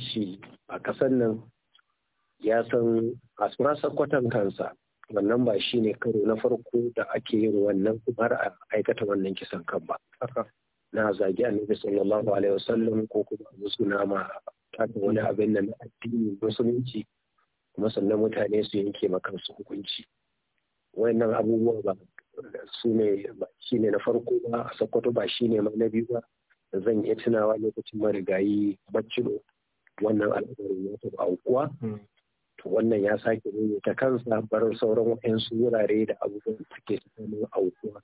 shi a ƙasar nan ya san asura kwatan kansa wannan ba shi ne karo na farko da ake yin wannan kuma a aikata wannan kisan kan ba na zagi annabi sallallahu alaihi wasallam ko kuma musu nama tafi wani abin da na addini musulunci kuma sannan mutane su yanke ma su hukunci Wannan abubuwa ba su ne shi ne na farko ba a sakwato ba shi ne ma na biyu ba zan iya tunawa lokacin marigayi bacci wannan al'amarin ya taɓa aukuwa hmm. to wannan ya sake ne ta kansa bar sauran wa'ansu wurare da abubuwan suke samun aukuwa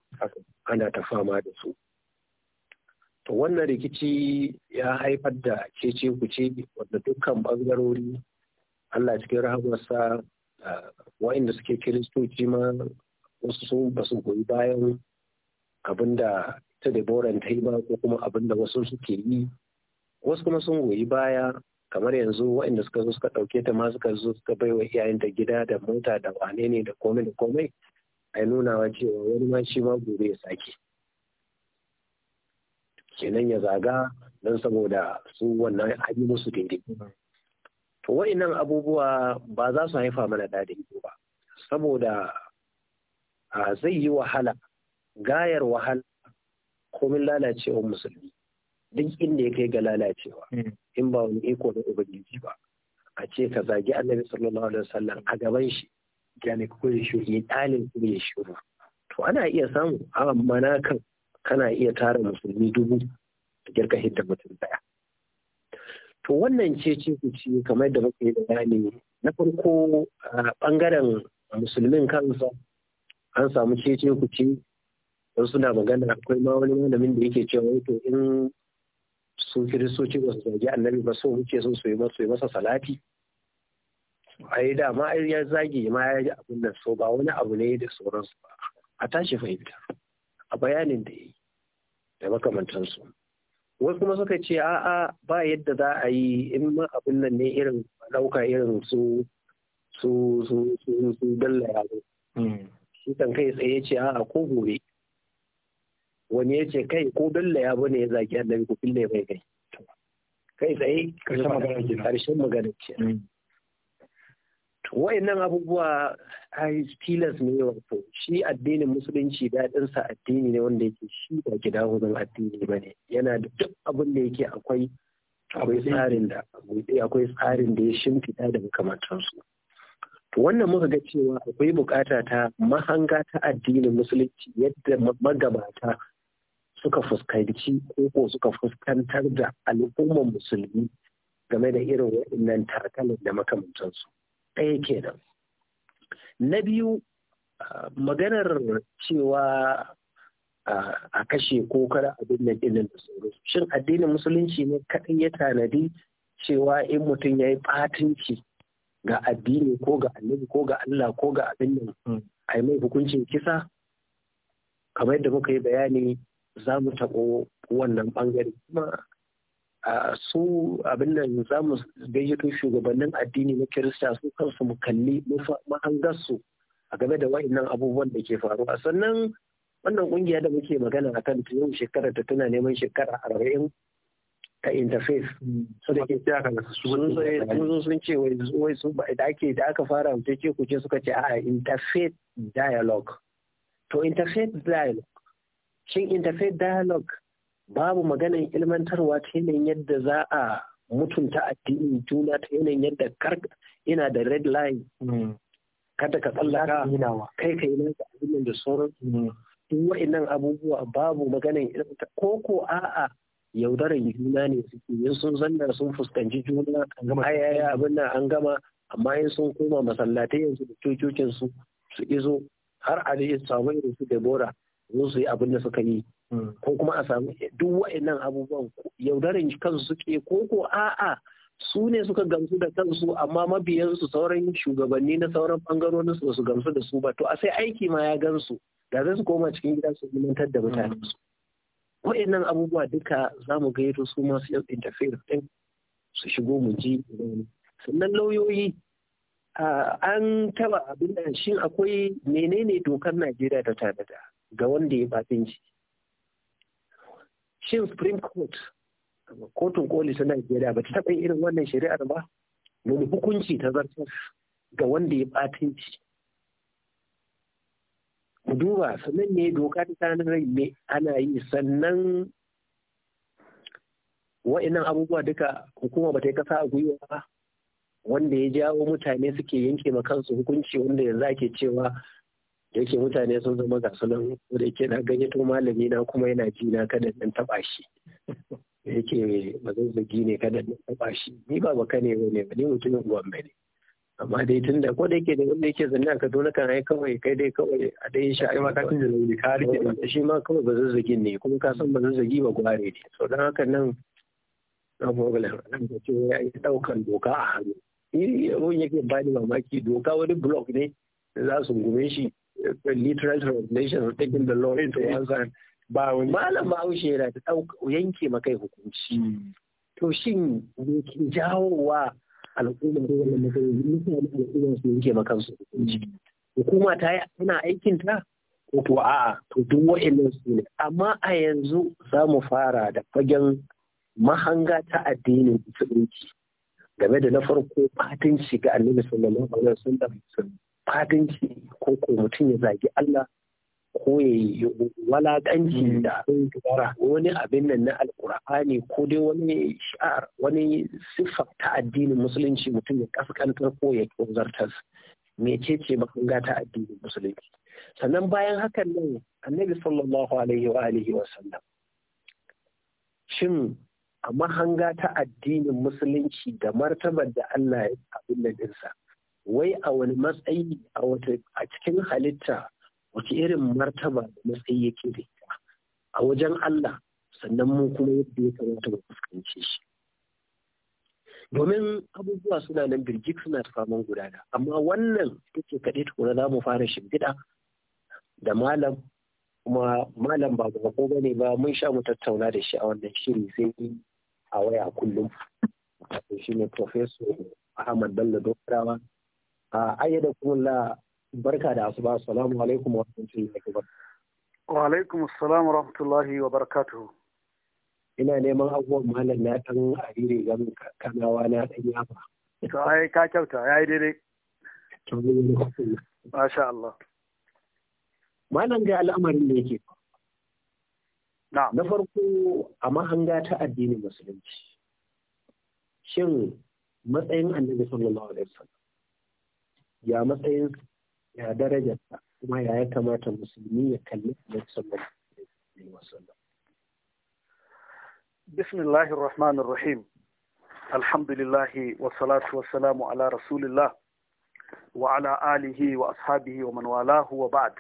ana ta fama da su to wannan rikici ya haifar da cece ce wanda dukkan bangarori Allah cikin rahamarsa wa'inda suke kiristoci ma wasu su ba su goyi bayan abin da ta Deborah ta yi ba ko kuma abin da wasu suke yi wasu kuma sun goyi baya kamar yanzu waɗanda suka zo suka ɗauke ta ma suka zo suka bai wa iyayenta gida da mota da wane ne da komai da komai a nunawa cewa wani ma shi ma gobe ya sake kenan ya zaga don saboda su wannan haɗi musu daidai to wa'inan abubuwa ba za su haifa mana daɗin ba saboda zai yi wahala gayar wahala komin lalacewar musulmi duk inda ya kai ga lalacewa hmm. in ba wani iko na ubangiji ba a ce ka zagi annabi sallallahu alaihi wasallam a gaban shi yani ko ya ya dalin ko ya shiru to ana iya samu amma na kan kana iya tara musulmi dubu a girka hidda mutum daya to wannan ce ce ku ci kamar da muke bayani na farko a bangaren musulmin kansa an samu ce ku ci don suna magana akwai ma wani malamin da yake cewa to in su kiristoci ba su zagi annabi ba so muke so su yi masa yi masa salati yi da ma ai ya zagi ma ya yi abin da so ba wani abu ne da sauransu ba a tashi fahimta a bayanin da yi da makamantansu wasu kuma suka ce a'a ba yadda za a yi in ma abin nan ne irin ɗauka irin su su su su su dalla yaro hmm. shi kan kai tsaye ce a'a ko gobe wani ya ce kai ko dalla ya bane ya zaki annabi ko fille bai kai kai tsaye karshen magana ke karshen magana mm. abubuwa ai tilas ne wato shi addinin musulunci daɗin sa addini ne wanda yake shi ba gida hudun addini ba ne yana da duk abin da yake akwai akwai tsarin da akwai tsarin da ya shimfiɗa da makamantansu to wannan muka ga cewa akwai bukata ta mahanga ta addinin musulunci yadda magabata suka fuskanci ko suka fuskantar da al'ummar musulmi game da irin waɗannan tarkalin da makamantansu ɗaya kenan na biyu maganar cewa a kashe ko kada abin da da sauransu shin addinin musulunci ne kaɗai ya tanadi cewa in mutum ya yi fatinci ga addini ko ga annabi ko ga Allah ko ga abin nan hmm. a mai hukuncin kisa kamar yadda muka yi bayani za mu taɓo wannan ɓangare kuma su abin nan za mu gayyato shugabannin addini na kirista su kansu mu kalli mahangarsu a game da wa'annan abubuwan da ke faruwa sannan wannan ƙungiya da muke magana a kan yau shekara ta tana neman shekara arba'in ta interface su da ke sun sun ce wai su da ake da aka fara mutum ce kuce suka ce a interfaith dialogue to interfaith dialogue shin interfaith dialogue babu maganar ilmantarwa ta yanayin yadda za a mutunta addini juna ta yanayin yadda kar ina da red line hmm. kada ka tsallaka kai ka yi nasa abin da sauran hmm. duk wa'annan abubuwa babu maganar ilmantar ko ko a'a yaudarar juna ne suke yin sun zanna sun fuskanci juna ayaya abin nan an gama amma in sun koma masallatai yanzu da cococin su su izo har a da samu irin su Debora zo su yi abin da suka yi hmm. ko kuma a samu duk wa'annan abubuwan yaudarin kansu suke ko ko a'a su ne suka gamsu da kansu amma mabiyansu sauran shugabanni na sauran bangarori su su gamsu da su ba to a sai aiki ma ya gansu da zai su koma cikin gida su limantar da mutane su hmm. wa'annan abubuwa duka za mu gaito su masu yau interfere din su shigo mu ji sannan lauyoyi an taba abin da shin akwai menene dokar najeriya ta tanada ga wanda ya shi. shin supreme court kotun koli ta najeriya ba ta taɓa irin wannan shari'ar ba wani hukunci ta zartar ga wanda ya batinci mu duba sannan ne doka ta tsanin rai ana yi sannan wa'annan abubuwa duka hukuma ba ta yi kasa a gwiwa ba wanda ya jawo mutane suke yanke ma kansu hukunci wanda yanzu ake cewa da yake mutane sun zama ga sunan da yake na ganye to malami na kuma yana ji na kada dan taba shi da yake mazazzagi ne kada dan taba shi ni ba baka ne bane ba ni mutumin gombe ne amma dai tun da ko da yake da wanda yake zanna a dole kan ai kawai kai dai kawai a dai shi ai ma ka tun da ne ka rike shi ma kawai bazazzagin ne kuma ka san bazazzagi ba gware ne so dan haka nan na problem nan da ce ya yi daukan doka a hannu ni abun yake ni mamaki doka wani blog ne za su gume shi literal translation of taking the law into mm. one's hand ba wani malam bahaushe yana ta yanke makai hukunci mm. to shin me ke jawowa al'ummar da wannan matsayi mutane al'ummar su yanke makansu hukunci mm. hukuma ta yi tana aikin ta ko to a'a to duk wa'annan su ne amma a yanzu za mu fara da fagen mahanga ta addinin musulunci game da na farko batanci ga annabi sallallahu alaihi wasallam fadanci ko ko mutum ya zagi Allah ko ya yi walaƙanci mm. da abin dubara wani abin nan na alkur'ani ko dai wani sha'ar wani siffar ta addinin musulunci mutum ya kaskantar ko ya ƙunzartar mecece makanga ta addinin musulunci sannan bayan hakan nan annabi sallallahu alaihi wa alihi wa sallam shin a mahanga ta addinin musulunci da martabar da Allah ya abin da dinsa wai a wani matsayi a wata a cikin halitta wace irin martaba da matsayi yake da ita a wajen Allah sannan mu kuma yadda ya kamata mu fuskance shi domin abubuwa suna nan birgit suna ta faman gudana amma wannan ita ce kaɗai tukuna za mu fara shimfiɗa da malam kuma malam ba bako ba ne ba mun sha mu tattauna da shi a wannan shiri sai a waya kullum shi ne Ahmad Bello Dokarawa ayyada kuma la barka da asuba assalamu alaikum wa rahmatullahi wa wa alaikum wa rahmatullahi wa barakatuhu ina neman abubuwan malam na dan arire ga kanawa na dan yafa to ai ka kyauta yayi daidai to masha Allah malam ga al'amarin da yake na farko a mahanga ta addinin musulunci shin matsayin annabi sallallahu alaihi wasallam ya matsayin ya darajarsa kuma ya ya kamata musulmi ya kalli annabi sallallahu alaihi wasallam bismillahir rahmanir rahim alhamdulillahi wa salatu wa salamu ala rasulillah wa ala alihi wa ashabihi wa man walahu wa ba'd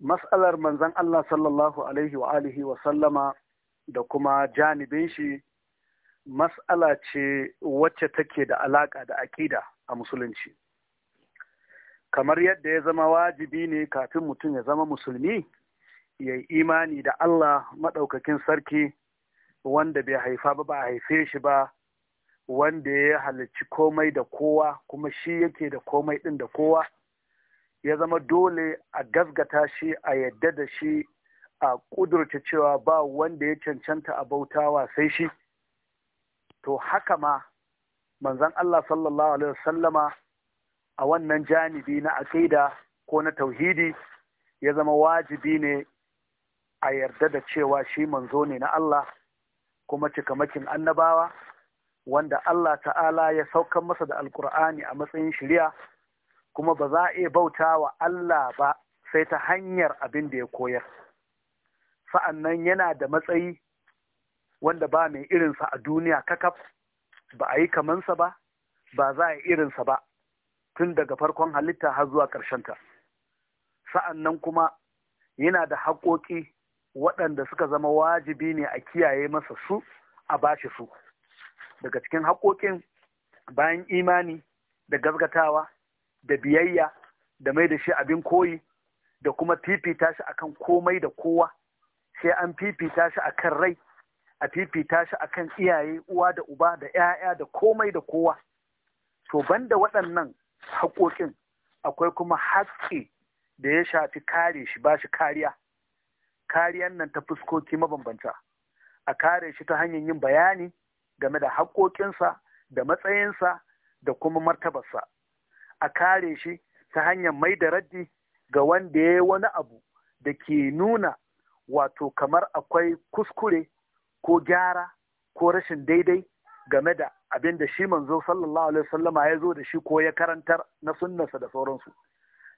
mas'alar manzan Allah sallallahu alaihi wa alihi wa sallama da kuma janibin shi mas'ala ce wacce take da alaka da aƙida a musulunci kamar yadda ya zama wajibi ne kafin mutum ya zama musulmi ya yi imani da Allah maɗaukakin sarki wanda bai haifa ba ba a haife shi ba wanda ya halarci komai da kowa kuma shi yake da komai ɗin da kowa ya zama dole a gasgata shi a yadda da shi a ƙudurta cewa ba wanda ya cancanta a bautawa sai shi to haka ma manzon Allah sallallahu alaihi wasallama a wannan janibi na aqida ko na tauhidi ya zama wajibi ne a yarda da cewa shi manzo ne na Allah kuma cikamakin annabawa wanda Allah ta'ala ya saukan masa da alkur'ani a matsayin shirya kuma ba za a iya bauta wa Allah ba sai ta hanyar abin da ya koyar sa'annan yana da matsayi wanda ba mai irinsa a duniya kakaf ba a yi kamansa ba ba za a yi irinsa ba tun daga farkon halitta har zuwa ƙarshenta sa'an nan kuma yana da haƙoƙi waɗanda suka zama wajibi ne a kiyaye masa su a ba shi su daga cikin haƙoƙin bayan imani da gazgatawa da biyayya da mai da shi abin koyi da kuma fifita shi akan komai da kowa sai an fifita shi akan rai a fifita shi kan iyaye uwa da uba da 'ya'ya da komai da kowa to banda waɗannan haƙoƙin akwai kuma haƙƙi da ya shafi kare shi ba shi kariya kariyan nan ta fuskoki mabambanta a kare shi ta hanyar yin bayani game da haƙoƙinsa da matsayinsa da kuma martabarsa a kare shi ta hanyar mai da raddi ga wanda ya yi wani abu da ke nuna wato kamar akwai kuskure ko gyara ko rashin daidai game da abin da shi manzo sallallahu alaihi wasallama ya zo da shi ko ya karantar na sunnarsa da sauransu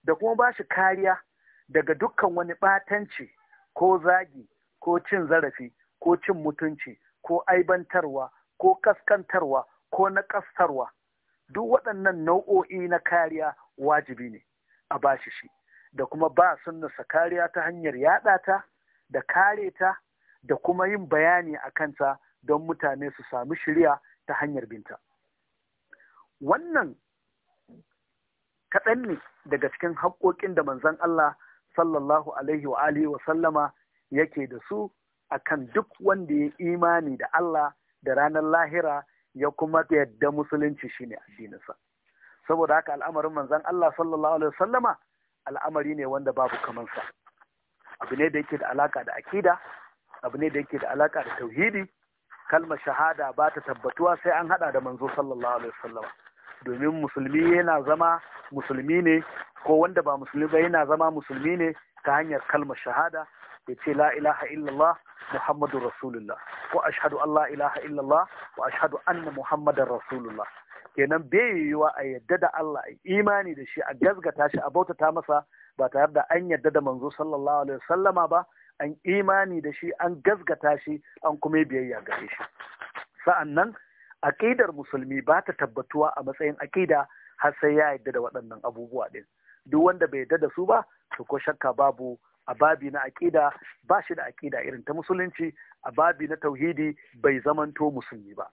da kuma ba shi kariya daga dukkan wani batanci, ko zagi ko cin zarafi ko cin mutunci ko aibantarwa ko kaskantarwa ko naƙastarwa duk waɗannan nau'o'i na kariya wajibi ne a bashi shi da kuma ba sunnarsa kariya ta hanyar yaɗa ta da kare ta da kuma yin bayani a kanta don mutane su sami shirya ta hanyar binta. Wannan kaɗan ne daga cikin haƙoƙin da manzon Allah sallallahu alaihi wa wa sallama yake da su akan duk wanda ya imani da Allah da ranar lahira ya kuma yadda musulunci shine addininsa. Saboda haka al'amarin manzon Allah sallallahu alaihi wa sallama al'amari ne wanda babu kamansa. Abu ne da yake da alaka da akida, abu ne da yake da alaka da tauhidi kalmar shahada ba ta tabbatuwa sai an hada da manzo sallallahu alaihi wasallam domin musulmi yana zama musulmi ne ko wanda ba musulmi ba yana zama musulmi ne ta hanyar kalmar shahada ya ce la ilaha illallah muhammadun rasulullah ko ashhadu Allah, ilaha illallah wa ashhadu anna muhammadan rasulullah kenan bai yiwuwa a yadda da Allah a imani da shi a gazgata shi a bautata masa ba tare da an yadda da manzo sallallahu alaihi wasallama ba an imani da shi an gazgata shi an kuma biyayya gare shi sa'annan aƙidar musulmi ba ta tabbatuwa a matsayin aƙida har sai ya yarda da waɗannan abubuwa ɗin duk wanda bai yadda da su ba to ko shakka babu a babi na aƙida ba shi da aƙida irin ta musulunci a babi na tauhidi bai zamanto musulmi ba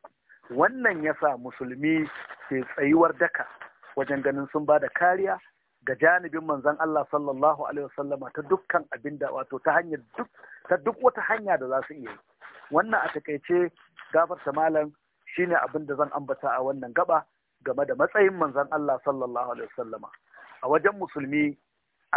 wannan yasa musulmi ke tsayuwar daka wajen ganin sun ba da kariya ga janibin manzan Allah sallallahu alaihi wasallama ta dukkan abin da wato ta hanyar duk ta duk wata hanya da za su iya yi wannan a takaice gafarta malam shine abin da zan ambata a wannan gaba game da matsayin manzan Allah sallallahu alaihi wasallama a wajen musulmi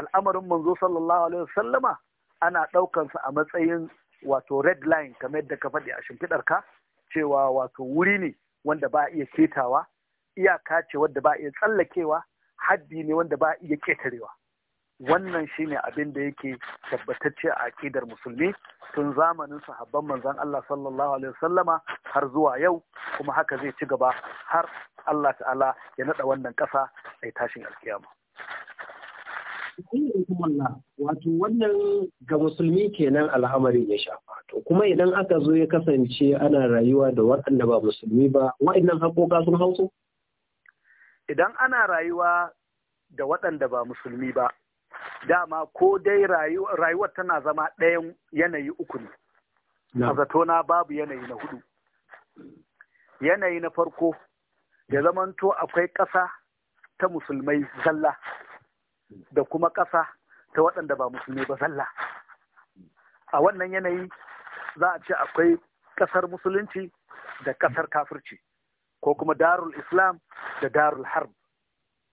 al'amarin manzo sallallahu alaihi wasallama ana ɗaukansa a matsayin wato red line kamar yadda ka faɗi a shimfiɗar ka cewa wato wuri ne wanda ba a iya ketawa iyaka ce wadda ba a iya tsallakewa haddi ne wanda ba iya ketarewa wannan shine abin da yake tabbatacce a aƙidar musulmi tun zamanin sahabban manzon Allah sallallahu alaihi wasallama har zuwa yau kuma haka zai ci gaba har Allah ta'ala ya naɗa wannan ƙasa ai tashin alkiyama wato wannan ga musulmi kenan al'amarin ya shafa to kuma idan aka zo ya kasance ana rayuwa da waɗanda ba musulmi ba waɗannan haƙoƙa sun hauso? idan ana rayuwa da waɗanda ba musulmi ba dama ko dai rayuwar tana zama ɗayan yanayi uku ne a zatona babu yanayi na hudu yanayi na farko ya zamanto akwai ƙasa ta musulmai zalla da kuma ƙasa ta waɗanda ba musulmi ba zalla a wannan yanayi za a ce akwai ƙasar musulunci da ƙasar kafirci ko kuma darul islam da darul harb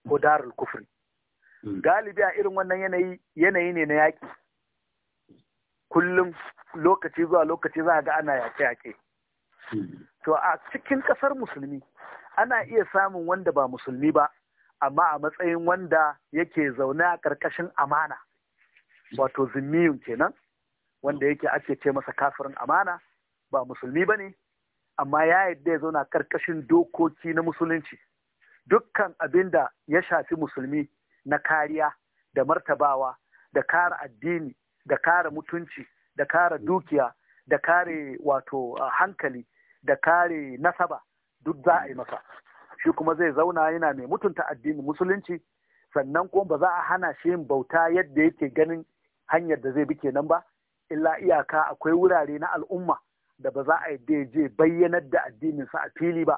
ko darul kufri hmm. galibi a irin wannan yanayi yanayi ne na yaƙi kullum lokaci zuwa lokaci za a ga ana yaƙe-yaƙe hmm. to a cikin ƙasar musulmi ana iya samun wanda ba musulmi ba amma a matsayin wanda yake zaune a ƙarƙashin amana wato zimmiyun kenan wanda yake ake ce masa kafirin amana ba musulmi ba ne amma ya yadda ya zauna karkashin dokoki na musulunci dukkan abin da ya shafi musulmi na kariya da martabawa da kare addini da kare mutunci da kare dukiya da kare wato hankali da kare nasaba duk za a yi masa shi kuma zai zauna yana mai mutunta addini musulunci sannan kuma ba za a hana shi yin bauta yadda yake ganin hanyar da zai bi kenan ba illa iyaka akwai wurare na al'umma da ba za a yi je bayyanar da addininsa a fili ba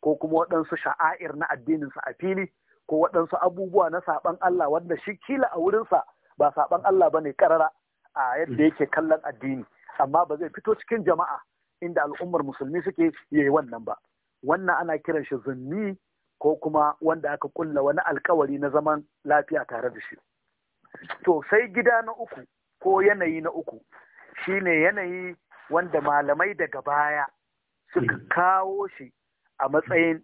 ko kuma waɗansu sha'air na addininsa a fili ko waɗansu abubuwa na saɓan Allah wanda shi kila a wurinsa ba saɓan Allah ba ne ƙarara a yadda yake kallon addini amma ba zai fito cikin jama'a inda al'ummar musulmi suke ya yi wannan ba wannan ana kiran shi zunni ko kuma wanda aka kulla wani alkawari na zaman lafiya tare da shi to sai gida na uku ko yanayi na uku shine yanayi wanda malamai daga baya suka hmm. kawo shi a matsayin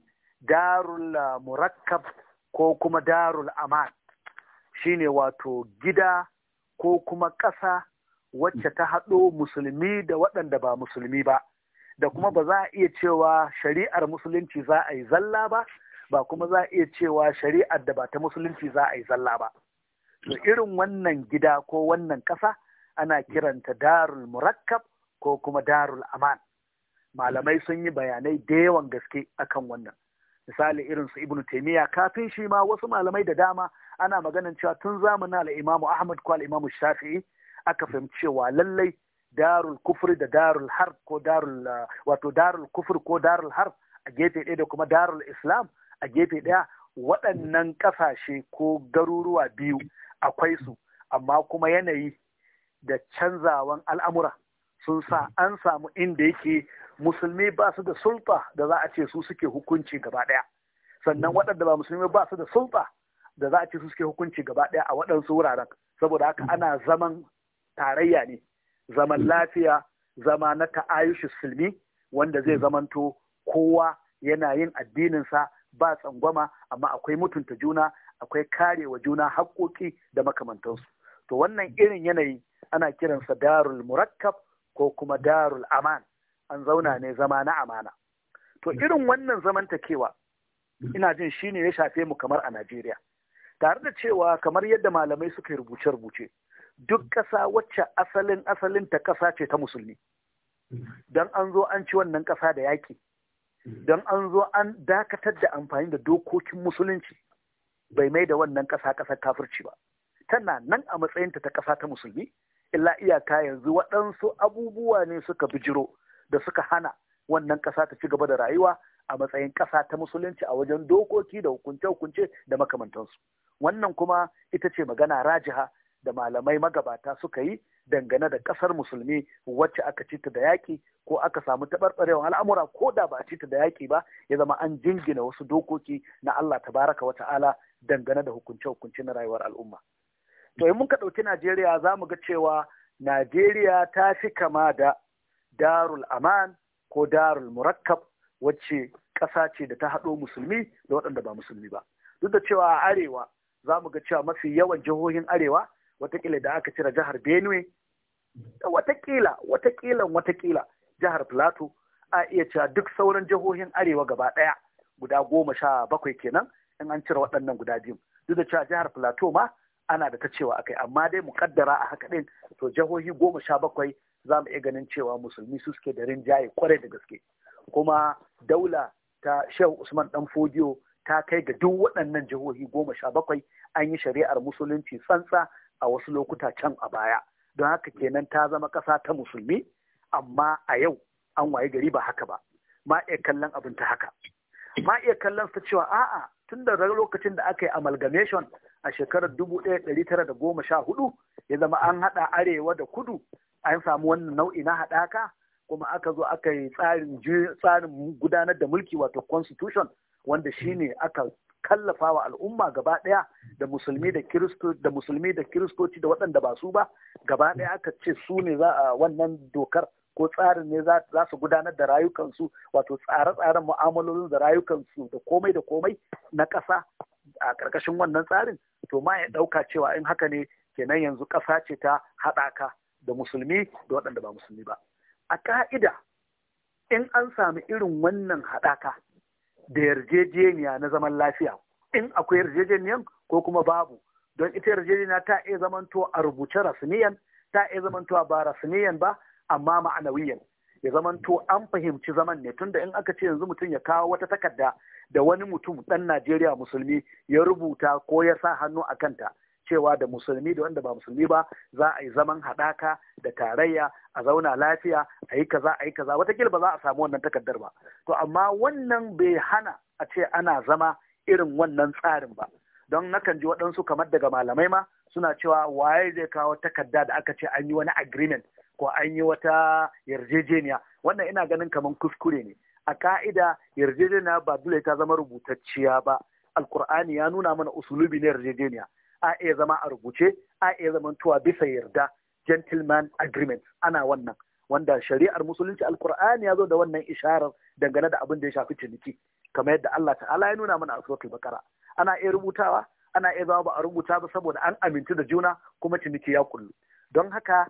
darul murakkab ko kuma darul amat shine wato gida ko kuma ƙasa wacce ta haɗo musulmi da waɗanda ba musulmi ba da kuma ba za a iya cewa shari'ar musulunci za a yi zalla ba ba kuma za a iya cewa shari'ar da ba ta musulunci za a yi zalla ba Da irin wannan gida ko wannan ƙasa ana kiranta darul murakkab ko kuma darul aman malamai sun yi bayanai da yawan gaske akan wannan misali irin su ibnu taimiyya kafin shi ma wasu malamai da dama ana maganin cewa tun zamanin al'imamu ahmad ko al'imamu shafi'i aka fahimci cewa lallai darul kufur da darul har ko darul uh, wato darul kufur ko darul har a gefe ɗaya da kuma darul islam a gefe ɗaya waɗannan ƙasashe ko garuruwa biyu akwai su amma kuma yanayi da canzawan al'amura sun sa an samu inda yake musulmi ba su da sulfa da za a ce su suke hukunci gaba ɗaya sannan mm. waɗanda ba musulmi ba su da sulfa da za a ce su suke hukunci gaba ɗaya a waɗansu wuraren saboda haka ana zaman tarayya ne zaman mm. lafiya zama na ta'ayushi sulmi wanda zai mm. zamanto kowa yana yin addininsa ba tsangwama amma akwai mutunta juna akwai karewa juna haƙƙoƙi da makamantansu to wannan irin yanayi ana kiransa darul murakkab ko kuma darul aman an zauna ne zama na amana to mm. irin wannan zamantakewa ina jin shi ne ya shafe mu kamar a Najeriya tare da cewa kamar yadda malamai suka rubuce-rubuce duk mm. ƙasa wacce asalin asalin ta ƙasa ce ta musulmi mm. don an zo an ci wannan ƙasa da yaƙi don an zo an dakatar da amfani da dokokin musulunci bai mai da wannan ƙasa ƙasar kafirci ba tana nan a matsayinta ta ƙasa ta musulmi illa iyaka yanzu waɗansu abubuwa ne suka bijiro da suka hana wannan ƙasa ta ci gaba da rayuwa a matsayin ƙasa ta musulunci a wajen dokoki da hukunce-hukunce da makamantansu wannan kuma ita ce magana rajiha da malamai magabata suka yi dangane da ƙasar musulmi wacce aka ci ta da yaƙi ko aka samu taɓarɓarewar al'amura ko da ba a ci ta da yaƙi ba ya zama an jingina wasu dokoki na Allah tabaraka wa ta'ala dangane da hukunce-hukunce na rayuwar al'umma. to mun ka ɗauki najeriya za mu ga cewa najeriya ta fi kama da darul aman ko darul murakkab wacce ƙasa ce da ta haɗo musulmi da waɗanda ba musulmi ba duk da cewa a arewa za mu ga cewa mafi yawan jihohin arewa watakila da aka cire jihar benue da watakila watakila watakila jihar plateau a iya cewa duk sauran jihohin arewa gaba ɗaya guda goma sha bakwai kenan in an cire waɗannan guda biyu duk da cewa jihar plateau ma ana da ta cewa akai amma dai mukaddara a haka din to jihohi goma sha bakwai za mu iya ganin cewa musulmi su suke da rinjaye kwarai da gaske kuma daula ta shehu usman dan fodiyo ta kai ga duk waɗannan jihohi goma sha bakwai an yi shari'ar musulunci tsantsa a wasu lokuta can a baya don haka kenan ta zama ƙasa ta musulmi amma a yau an waye gari ba haka ba ma iya kallon abin ta haka ma iya kallon ta cewa a'a tun da lokacin da aka yi amalgamation a shekarar dubu ɗaya da tara goma sha hudu, ya zama an haɗa arewa da kudu an samu wannan nau'i na haɗaka kuma aka zo aka yi tsarin gudanar da mulki wato constitution wanda shine aka kallafa wa al'umma gaba ɗaya da musulmi da kiristo da musulmi da kiristoci da waɗanda ba su ba gaba ɗaya aka ce su ne za a wannan dokar ko tsarin ne za su gudanar da rayukansu wato tsare-tsaren mu'amalolin da rayukansu da komai da komai na ƙasa a ƙarƙashin wannan tsarin to ma ya ɗauka cewa in haka ne kenan yanzu ƙasa ce ta haɗaka da musulmi da waɗanda ba musulmi ba a ka'ida in an sami irin wannan haɗaka da yarjejeniya na zaman lafiya in akwai yarjejeniyan ko kuma babu don ita yarjejeniya ta iya zamanto a rubuce rasmiyan ta iya zamantowa ba rasmiyan ba amma ma'anawiyan ya zaman to an fahimci zaman ne tunda in aka ce yanzu mutum ya kawo wata takarda da wani mutum dan Najeriya musulmi ya rubuta ko ya sa hannu a kanta cewa da musulmi da wanda ba musulmi ba za a yi zaman haɗaka da tarayya a zauna lafiya a yi kaza a yi kaza watakila ba za a samu wannan takardar ba to amma wannan bai hana a ce ana zama irin wannan tsarin ba don nakan ji waɗansu kamar daga malamai ma suna cewa waye zai kawo takarda da aka ce an yi wani agreement ko an yi wata yarjejeniya wannan ina ganin kamar kuskure ne a ka'ida yarjejeniya ba dole ta zama rubutacciya ba alkur'ani ya nuna mana usulubi na yarjejeniya a iya zama a rubuce a iya zama tuwa bisa yarda gentleman agreement ana wannan wanda shari'ar musulunci alkur'ani ya zo da wannan isharar dangane da abin da ya shafi ciniki kamar yadda Allah ta'ala ya nuna mana a suratul bakara ana iya rubutawa ana iya zama ba a rubuta ba saboda an aminci da juna kuma ciniki ya kullu don haka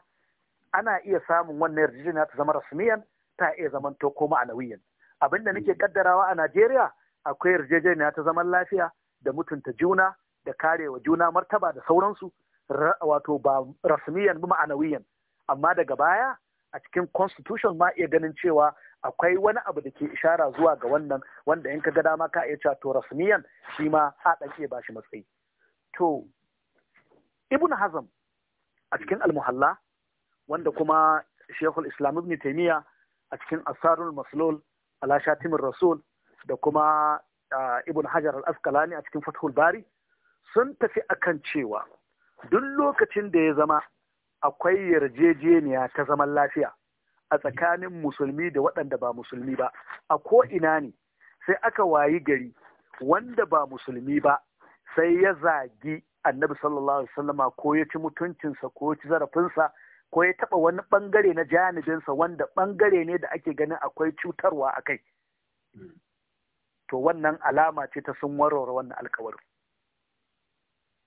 ana iya samun wannan yarjejeniya ta zama rasmiyan ta iya zaman to ko ma'anawiyan abinda nake mm. kaddarawa a Najeriya akwai yarjejeniya ta zaman lafiya da mutunta juna da karewa juna martaba da sauransu wato ba rasmiyan ba ma'anawiyan amma daga baya a cikin constitution ma iya ganin cewa akwai wani abu da ke ishara zuwa ga wannan wanda in ka ga dama ka iya cewa to rasmiyan shi ma a ɗan ba shi matsayi to ibn hazm a cikin almuhalla wanda kuma shekul islam ibn taimiyya a cikin asarul maslul ala shatimin rasul da kuma ah, ibn hajar al askalani a cikin fathul bari sun tafi akan cewa duk lokacin da ya zama akwai yarjejeniya ta zaman lafiya a tsakanin musulmi da waɗanda ba musulmi ba a ko ina ne sai aka wayi gari wanda ba musulmi ba sai ya zagi annabi sallallahu alaihi wasallama ko ya ci mutuncinsa ko ya ci zarafinsa ko ya taɓa wani ɓangare na janibinsa wanda ɓangare ne da ake ganin akwai cutarwa a kai hmm. to wannan alama ce ta sun warware wannan alkawarin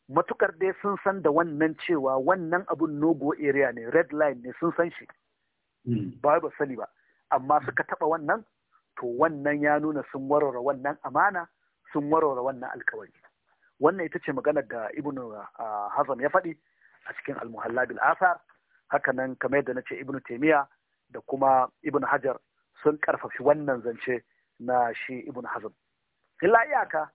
matukar dai sun san da wannan cewa wannan abun nogo area ne red line ne sun san shi hmm. ba ba sani ba amma suka taɓa wannan to wannan ya nuna sun warware wannan amana sun warware wannan alkawari wannan ita ce maganar da Ibn ah, hazam ya faɗi a cikin almuhalla bil asar hakanan kamar yadda na ce ibnu taimiya da kuma Ibn hajar sun karfafi wannan zance na shi Ibn hazm illa iyaka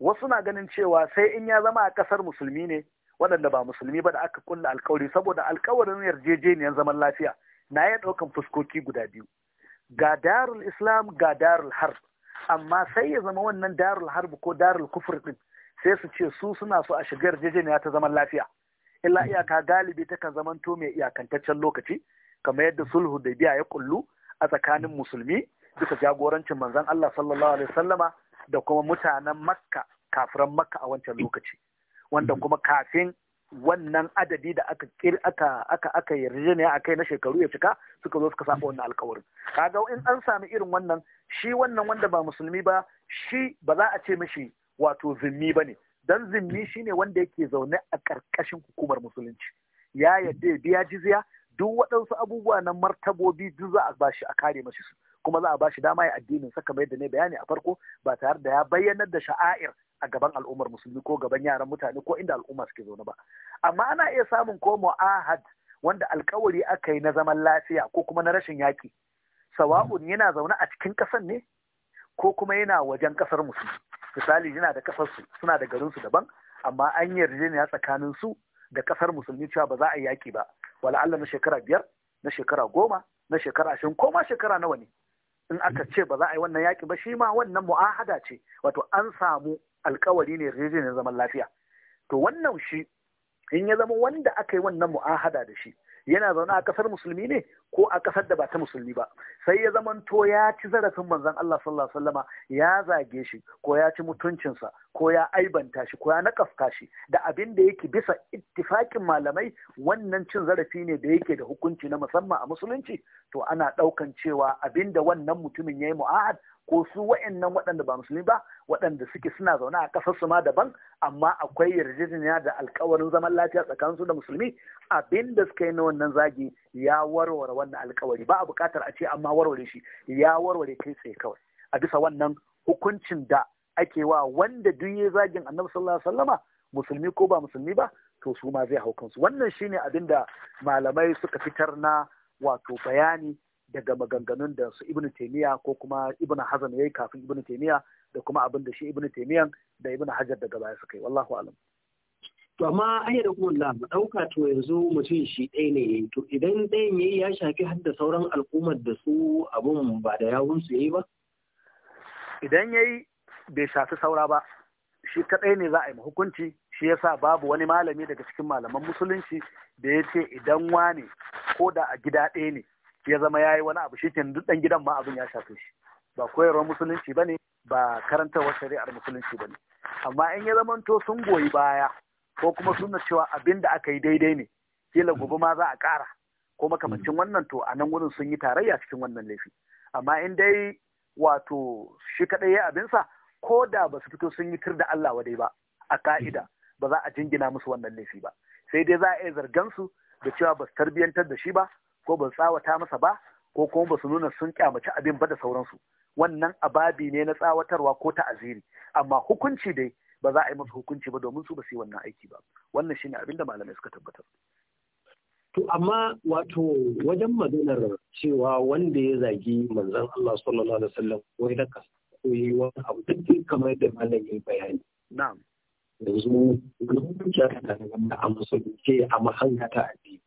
wasu na ganin cewa sai in ya zama a kasar musulmi ne waɗanda ba musulmi ba da aka kulla alkawari saboda alkawarin yarjejeniyar zaman lafiya na ya ɗaukan fuskoki guda biyu ga darul islam ga darul harb amma sai ya zama wannan darul harb ko darul kufur ɗin, sai su ce su suna so a shiga yarjejeniya ta zaman lafiya illa iyaka galibi ta takan zamanto mai iyakantaccen lokaci kamar yadda sulhu da biya ya kullu a tsakanin musulmi bisa jagorancin manzon Allah sallallahu alaihi wasallama da kuma mutanen Makka kafiran Makka a wancan lokaci wanda kuma kafin wannan adadi da aka kir aka aka aka yarda a kai na shekaru ya cika suka zo suka saba wannan alƙawarin kaga in an sami irin wannan shi wannan wanda ba musulmi ba shi ba za a ce mishi wato zimmi ba ne dan zimmi shine wanda yake zaune a ƙarƙashin hukumar musulunci ya yadda ya biya jizya duk waɗansu abubuwa na martabobi duk za a bashi a kare mashi su kuma za a bashi dama ya addinin sa kamar da ne bayani a farko ba tare da ya bayyanar da sha'air a gaban al'ummar musulmi ko gaban yaran mutane ko inda al'umma suke zaune ba amma ana iya samun ko mu'ahad wanda alkawari aka yi na zaman lafiya ko kuma na rashin yaƙi sawa'un yana zaune a cikin ƙasan ne ko kuma yana wajen kasar musu misali yana da kasar su suna da garin su daban amma an yarjejeniya tsakanin su da kasar musulmi cewa ba za a yaki ba wala Allah na shekara biyar na shekara goma na shekara ashirin ko ma shekara nawa ne in aka ce ba za a yi wannan yaki ba shi ma wannan mu'ahada ce wato an samu alkawari ne yarjejeniyar zaman lafiya to wannan shi in ya zama wanda aka yi wannan mu'ahada da shi yana zaune a kasar musulmi ne ko a kasar da ba ta musulmi ba sai ya zamanto ya ci zarafin manzon Allah sallallahu alaihi wasallama ya zage shi ko ya ci mutuncinsa ko ya aibanta shi ko ya nakafka shi da abin da yake bisa ittifakin malamai wannan cin zarafi ne da yake da hukunci na musamman a musulunci to ana daukan cewa abin da wannan mutumin yayi mu'ahad ko su wa'annan waɗanda ba musulmi ba waɗanda suke suna zaune a ƙasar su ma daban amma akwai yarjejeniya da alkawarin zaman lafiya tsakanin su da musulmi Abinda suka yi na wannan zagi ya warware wannan alkawari ba a buƙatar a ce amma warware shi ya warware kai tsaye kawai a bisa wannan hukuncin da ake wa wanda duk ya zagin annabi sallallahu alaihi wasallama musulmi ko ba musulmi ba to su ma zai hau wannan shine abin da malamai suka fitar na wato bayani daga maganganun da su ibnu taimiya ko kuma ibnu hazan yayi kafin ibnu taimiya da kuma abin da shi ibnu taimiyan da ibnu hajar daga baya suka yi wallahu alam to amma ayyar da kuma mu dauka to yanzu mutum shi ɗaya ne yayi to idan ɗayan yayi ya shafi har da sauran al'ummar da su abun ba da yawun su yayi ba idan yayi bai shafi saura ba shi kadai ne za a yi hukunci shi yasa babu wani malami daga cikin malaman musulunci da ya ce idan wane ko da a gida ɗaya ne ya zama ya yi wani abu shi ke duk gidan ma abin ya shafe shi ba koyarwar musulunci ba ne ba karantarwar shari'ar musulunci ba ne amma in ya zamanto sun goyi baya ko kuma suna cewa abin da aka yi daidai ne kila gobe ma za a ƙara ko makamancin wannan to a nan wurin sun yi tarayya cikin wannan laifi amma in dai wato shi kaɗai ya abinsa ko da ba su fito sun yi tur da Allah wadai ba a ka'ida ba za a jingina musu wannan laifi ba sai dai za a iya zargan su da cewa ba su tarbiyyantar da shi ba ko ban tsawata masa ba ko kuma ba su nuna sun kyamaci abin ba da sauransu wannan ababi ne na tsawatarwa ko ta'aziri amma hukunci dai ba za a yi masa hukunci ba domin su ba su yi wannan aiki ba wannan shine abin da malamai suka tabbatar to amma wato wajen maganar cewa wanda ya zagi manzon Allah sallallahu alaihi wasallam wai da ka yi wani abu duk kamar da malamin bayani na'am yanzu wani hukunci aka da a musulunce a mahangata addini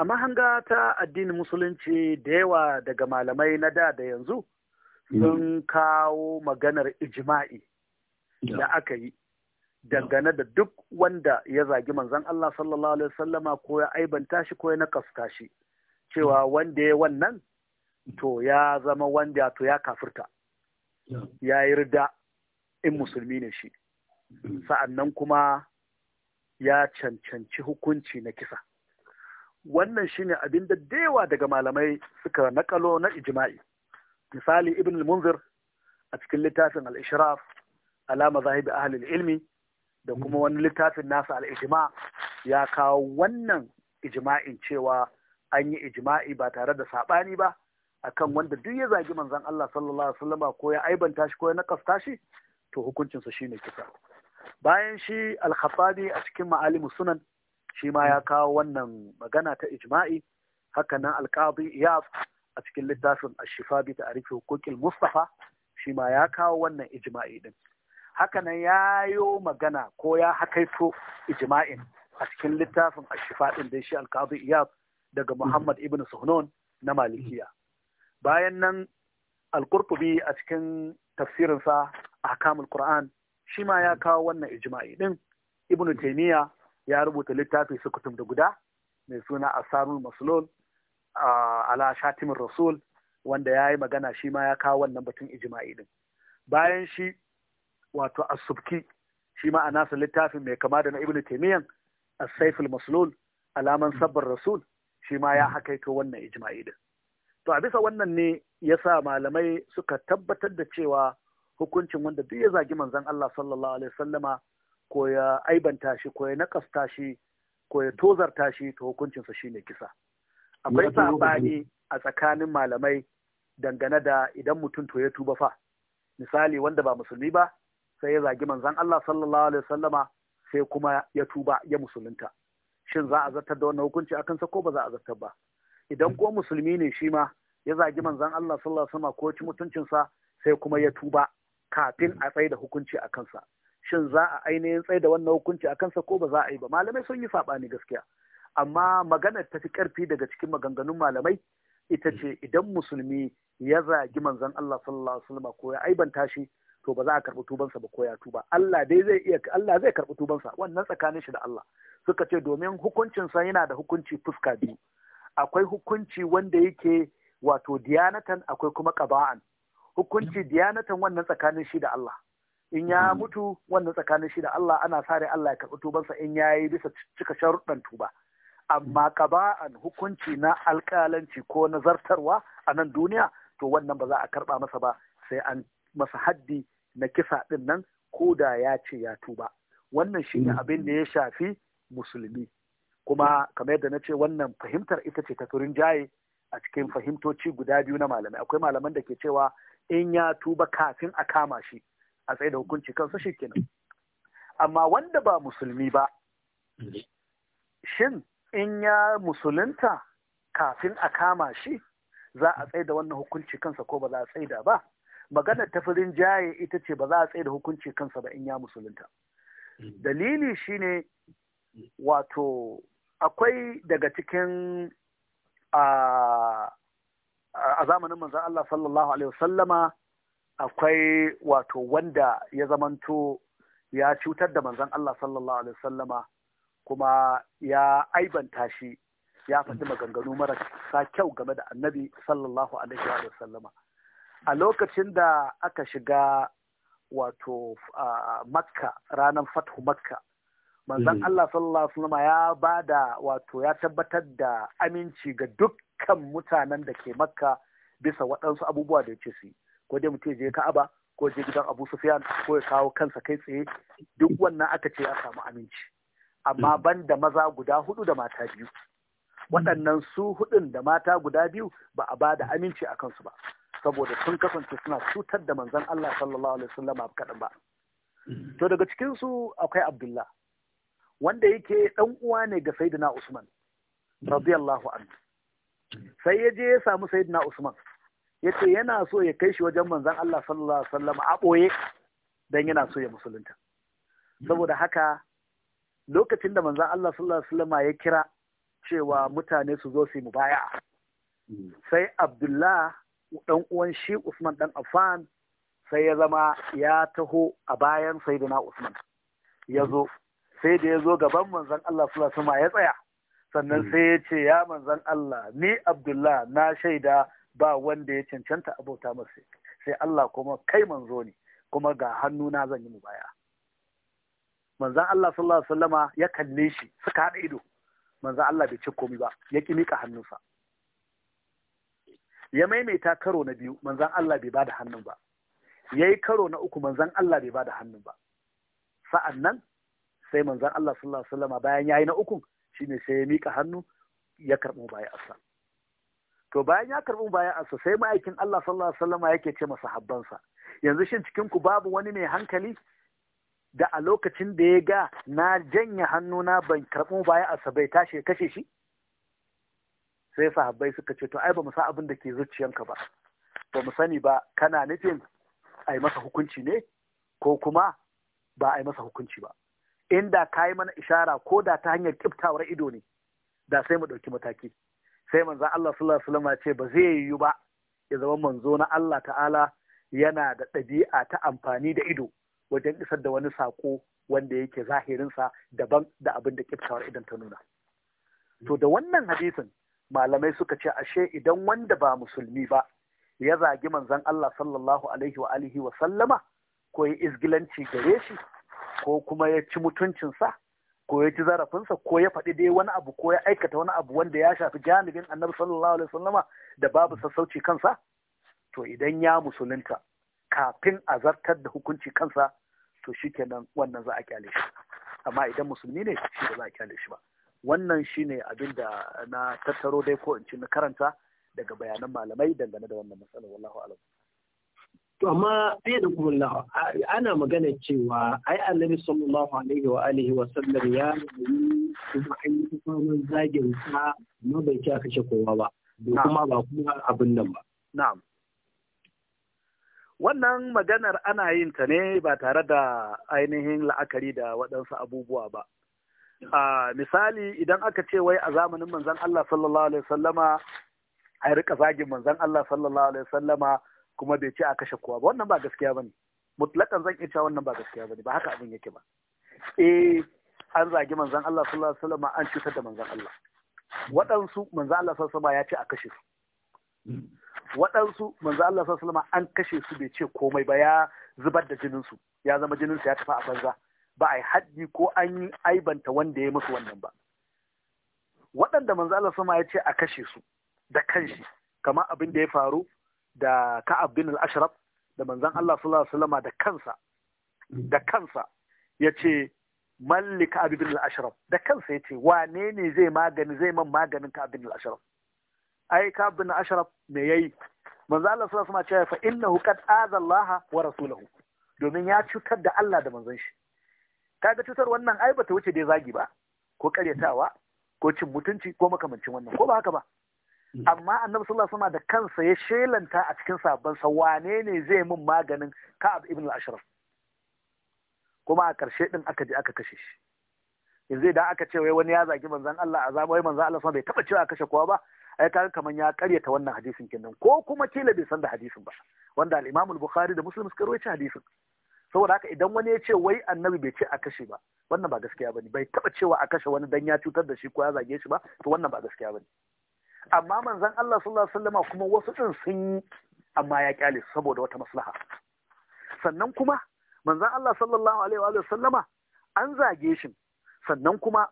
A mahanga ta addinin musulunci da yawa daga malamai na da da yanzu sun mm. kawo maganar ijma'i da aka yi dangane da duk wanda ya zagi manzan Allah sallallahu alaihi wasallama ko ya aibanta shi ko ya nakaska shi cewa mm. wanda ya wannan to ya zama wanda to ya kafirta ya yi rida in musulmi ne shi mm. sa'annan kuma ya cancanci hukunci na kisa wannan shine abin da dewa daga malamai suka nakalo na ijma'i misali ibn al-munzir a cikin littafin al-ishraf ala mazahibi ahli ilmi da kuma mm. wani littafin nasa al-ijma ya kawo wannan ijma'in cewa an yi ijma'i ba tare da saɓani ba akan wanda duk ya zagi manzon Allah sallallahu alaihi wasallam ko ya aibanta shi ko ya nakasta shi to hukuncinsa shine kisa bayan shi al a cikin ma'alimus sunan shi ma ya kawo wannan magana ta ijma'i Hakanan nan alqadi iyaf a cikin littafin ashifa bi arifi huquqil mustafa shi ma ya kawo wannan ijma'i din Hakanan ya yo magana ko ya hakaito ijma'in a cikin littafin ashifa din da shi alkabi iyaf daga muhammad ibn suhnun na malikiya bayan nan alƙurƙubi a cikin tafsirinsa a ahkamul qur'an shi ma ya kawo wannan ijma'i din ibn taymiya ya rubuta littafi sukutum da guda mai suna asarul maslul ala shatimin rasul wanda ya yi magana shi ma ya kawo wannan batun ijma'i din bayan shi wato asubki shi ma a nasa littafin mai kama da na ibnu taimiyan saiful maslul alaman sabbar rasul shi ma ya hakaito wannan ijma'i din to a bisa wannan ne ya sa malamai suka tabbatar da cewa hukuncin wanda duk ya zagi manzon Allah sallallahu alaihi wasallama ko ya aibanta shi ko ya nakasta shi ko ya tozarta shi to hukuncinsa shine kisa akwai sabani a tsakanin malamai dangane da idan mutum to ya tuba fa misali wanda ba musulmi ba sai ya zagi manzon Allah sallallahu alaihi wasallama sai kuma ya tuba ya musulunta shin za a zartar da wannan hukunci akan sa ko ba za a zartar ba idan ko musulmi ne shi ma ya zagi manzon Allah sallallahu alaihi wasallama ko ci mutuncinsa sai kuma ya tuba kafin a tsaye da hukunci a kansa shin za a ainihin tsaye da wannan hukunci a kansa ko ba za a yi ba malamai sun yi saɓani gaskiya amma maganar ta fi ƙarfi daga cikin maganganun malamai ita ce idan musulmi ya zagi manzon Allah sallallahu alaihi wasallam ko ya aibanta shi to ba za a karɓi tubansa ba ko ya tuba Allah dai zai iya Allah zai karɓi tubansa wannan tsakanin shi da Allah suka ce domin hukuncin sa yana da hukunci fuska biyu akwai hukunci wanda yake wato diyanatan akwai kuma qaba'an hukunci diyanatan wannan tsakanin shi da Allah in ya mm-hmm. mutu wannan tsakanin shi da Allah ana sare Allah ya karɓi tubansa in ya yi bisa cika sharuɗan tuba amma ka mm-hmm. kaba'an hukunci na alƙalanci ko na zartarwa a nan duniya to wannan ba za a karɓa masa ba sai an masa haddi na kisa ɗin nan ko da ya ce ya tuba wannan shi ne mm-hmm. abin da ya shafi musulmi kuma kamar yadda na ce wannan fahimtar ita ce ta turin jaye a cikin fahimtoci guda biyu na malamai akwai malaman da ke cewa in ya tuba kafin a kama shi a tsaye da hukunci kansa shi kenan amma wanda ba musulmi ba shin in ya musulunta kafin a kama shi za a tsaye da wannan hukunci kansa ko ba za a tsaye da ba maganar tafirin jaye ita ce ba za a tsaye da hukunci kansa ba in ya musulunta dalili shine wato akwai daga cikin a zamanin manzan Allah sallallahu alaihi wasallama akwai wato wanda ya zamanto ya cutar da manzan Allah sallallahu alaihi wasallama kuma ya aibanta shi ya faɗi maganganu sa kyau game da annabi sallallahu alaihi wa a lokacin da aka shiga wato makka ranar fathu makka manzan mm. Allah sallallahu alaihi wasallama ya bada wato ya tabbatar da aminci ga dukkan mutanen da ke makka bisa waɗansu abubuwa da ya ce su yi. ko dai mutum je ka'aba ko je gidan abu sufyan ko ya kawo kansa kai tsaye duk wannan aka ce a samu aminci amma mm. ban da maza guda hudu da mata biyu mm. waɗannan su hudun da mata guda biyu ba a ba da mm. aminci a kansu ba saboda sun kasance suna cutar da manzon Allah sallallahu alaihi wasallam kaɗan ba to daga cikin su akwai Abdullah wanda yake dan uwa ne ga Sayyidina Usman radiyallahu anhu sai ya je ya samu Sayyidina Usman ya ce yana so ya kai shi wajen manzan Allah sallallahu alaihi wasallam a boye dan yana so ya musulunta saboda haka lokacin da manzan Allah sallallahu alaihi wasallam ya kira cewa mutane su zo su yi mubaya. sai Abdullah dan uwan shi Usman ɗan Affan sai ya zama ya taho a bayan Sayyidina Usman ya zo sai da ya zo gaban manzan Allah sallallahu alaihi wasallam ya tsaya sannan hmm. sai ya ce ya manzan Allah ni Abdullah na shaida ba wanda ya cancanta abota masa sai Allah kuma kai manzo ne kuma ga hannuna zan yi mu baya manzan Allah sallallahu alaihi wasallama ya kalle shi suka haɗa ido manzan Allah bai ce komai ba ya ƙi miƙa hannunsa ya maimaita karo na biyu manzan Allah bai bada hannun ba ya yi karo na uku manzan Allah bai bada hannun ba sa'an nan sai manzan Allah sallallahu alaihi wasallama bayan ya yi na ukun shine sai ya miƙa hannu ya karɓi baya asa to bayan ya karɓi bayan'ansa sai ma'aikin Allah sallallahu alaihi wasallam yake ce masa habbansa yanzu shin cikin ku babu wani mai hankali da a lokacin da ya ga na janye hannuna ban karɓi asa bai tashi ya kashe shi sai sahabbai suka ce to ai ba mu san abin da ke zuciyanka ba ba mu sani ba kana nufin a masa hukunci ne ko kuma ba a masa hukunci ba inda ka yi mana ishara ko da ta hanyar kiftawar ido ne da sai mu ɗauki mataki sai manzo Allah sallallahu alaihi wasallam ce ba zai yiwu ba ya zama manzo na Allah ta'ala yana da ɗabi'a ta amfani da ido wajen isar da wani sako wanda yake zahirinsa daban da abin da kiftawar idan ta nuna to da wannan hadisin malamai suka ce ashe idan wanda ba musulmi ba ya zagi manzon Allah sallallahu alaihi wa alihi wa sallama ko ya izgilanci gare shi ko kuma ya ci mutuncinsa ko ya ci zarafinsa ko ya faɗi dai wani abu ko ya aikata wani abu wanda ya shafi janibin annabi sallallahu alaihi wasallama da babu sassauci kansa to idan ya musulunta kafin a zartar da hukunci kansa to shikenan wannan za a kyale shi amma idan musulmi ne shi ba za a kyale shi ba wannan shine abin da na tattaro dai ko in ci na karanta daga bayanan malamai dangane da wannan matsalar wallahu alam To amma ɗaya da kuma Allah ana magana cewa ai Annabi sallallahu alaihi wa alihi wa sallam ya yi kuma an yi kusanin zagin sa amma bai kya kashe kowa ba. Kuma ba kuma abin nan ba. Na'am. Wannan maganar ana yin ta ne ba tare da ainihin la'akari da waɗansu abubuwa ba. A misali idan aka ce wai a zamanin manzon Allah sallallahu alaihi wasallama a rika zagin manzon Allah sallallahu alaihi wasallama kuma bai ce a kashe kowa ba wannan ba gaskiya bane mutlakan zan iya cewa wannan ba gaskiya bane ba haka abin yake ba eh an zagi manzon Allah sallallahu alaihi wasallam an cutar da manzon Allah waɗansu manzon Allah sallallahu alaihi wasallam ya ce a kashe su waɗansu manzon Allah sallallahu alaihi wasallam an kashe su bai ce komai ba ya zubar da jinin su ya zama jinin su ya tafi a banza ba a yi haddi ko an yi aibanta wanda ya musu wannan ba waɗanda manzo Allah sama ya ce a kashe su da kanshi kamar abin da ya faru da Ka'ab bin al-Ashraf da manzon Allah sallallahu alaihi wasallama da kansa da kansa yace malli abi bin al-Ashraf da kansa yace wane ne zai magani zai man maganin Ka'ab bin al-Ashraf ai Ka'ab bin al-Ashraf me yayi manzon Allah sallallahu alaihi wasallam ya fa innahu qad aza Allah wa Rasuluhu. domin ya cutar da Allah da manzon shi kaga cutar wannan ai bata wuce dai zagi ba ko karyatawa ko cin mutunci ko makamancin wannan ko ba haka ba Mm. amma annabi sallallahu alaihi wasallam da kansa ya shelanta a cikin sabon sa wane ne zai min maganin ka'ab ibn al-ashraf kuma a ƙarshe din aka je aka kashe shi yanzu idan aka ce wai wani ya zagi manzon Allah a zaba wai manzon Allah bai taba cewa kashe kowa ba ai kaga kaman ya karyata wannan hadisin kenan ko kuma kila bai san da hadisin ba wanda al-Imam al-Bukhari da Muslim suka rawaita hadisin saboda haka idan wani ya ce wai annabi bai ce a kashe ba wannan ba gaskiya bane bai taba cewa a kashe wani dan ya cutar da shi ko ya zage shi ba to wannan ba gaskiya bane amma manzan Allah sallallahu alaihi wasallama kuma wasu din sun yi amma ya kyale saboda wata maslaha sannan kuma manzan Allah sallallahu alaihi wa an zage shi sannan kuma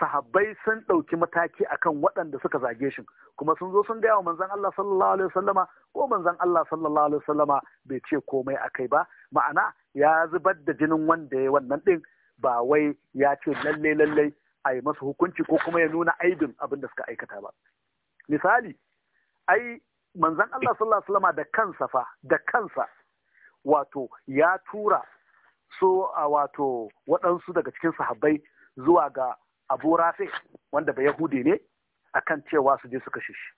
sahabbai sun ɗauki mataki akan waɗanda suka zage shi kuma sun zo sun gaya wa manzan Allah sallallahu alaihi wasallama ko manzan Allah sallallahu alaihi wasallama bai ce komai a kai ba ma'ana ya zubar da jinin wanda ya wannan ɗin, ba wai ya ce lalle lalle a yi masa hukunci ko kuma ya nuna aibin abin da suka aikata ba misali ai manzon Allah sallallahu alaihi da kansa fa da kansa wato ya tura so a wato waɗansu daga cikin sahabbai zuwa ga Abu Rafi wanda ba Yahudi ne akan cewa su je su kashe shi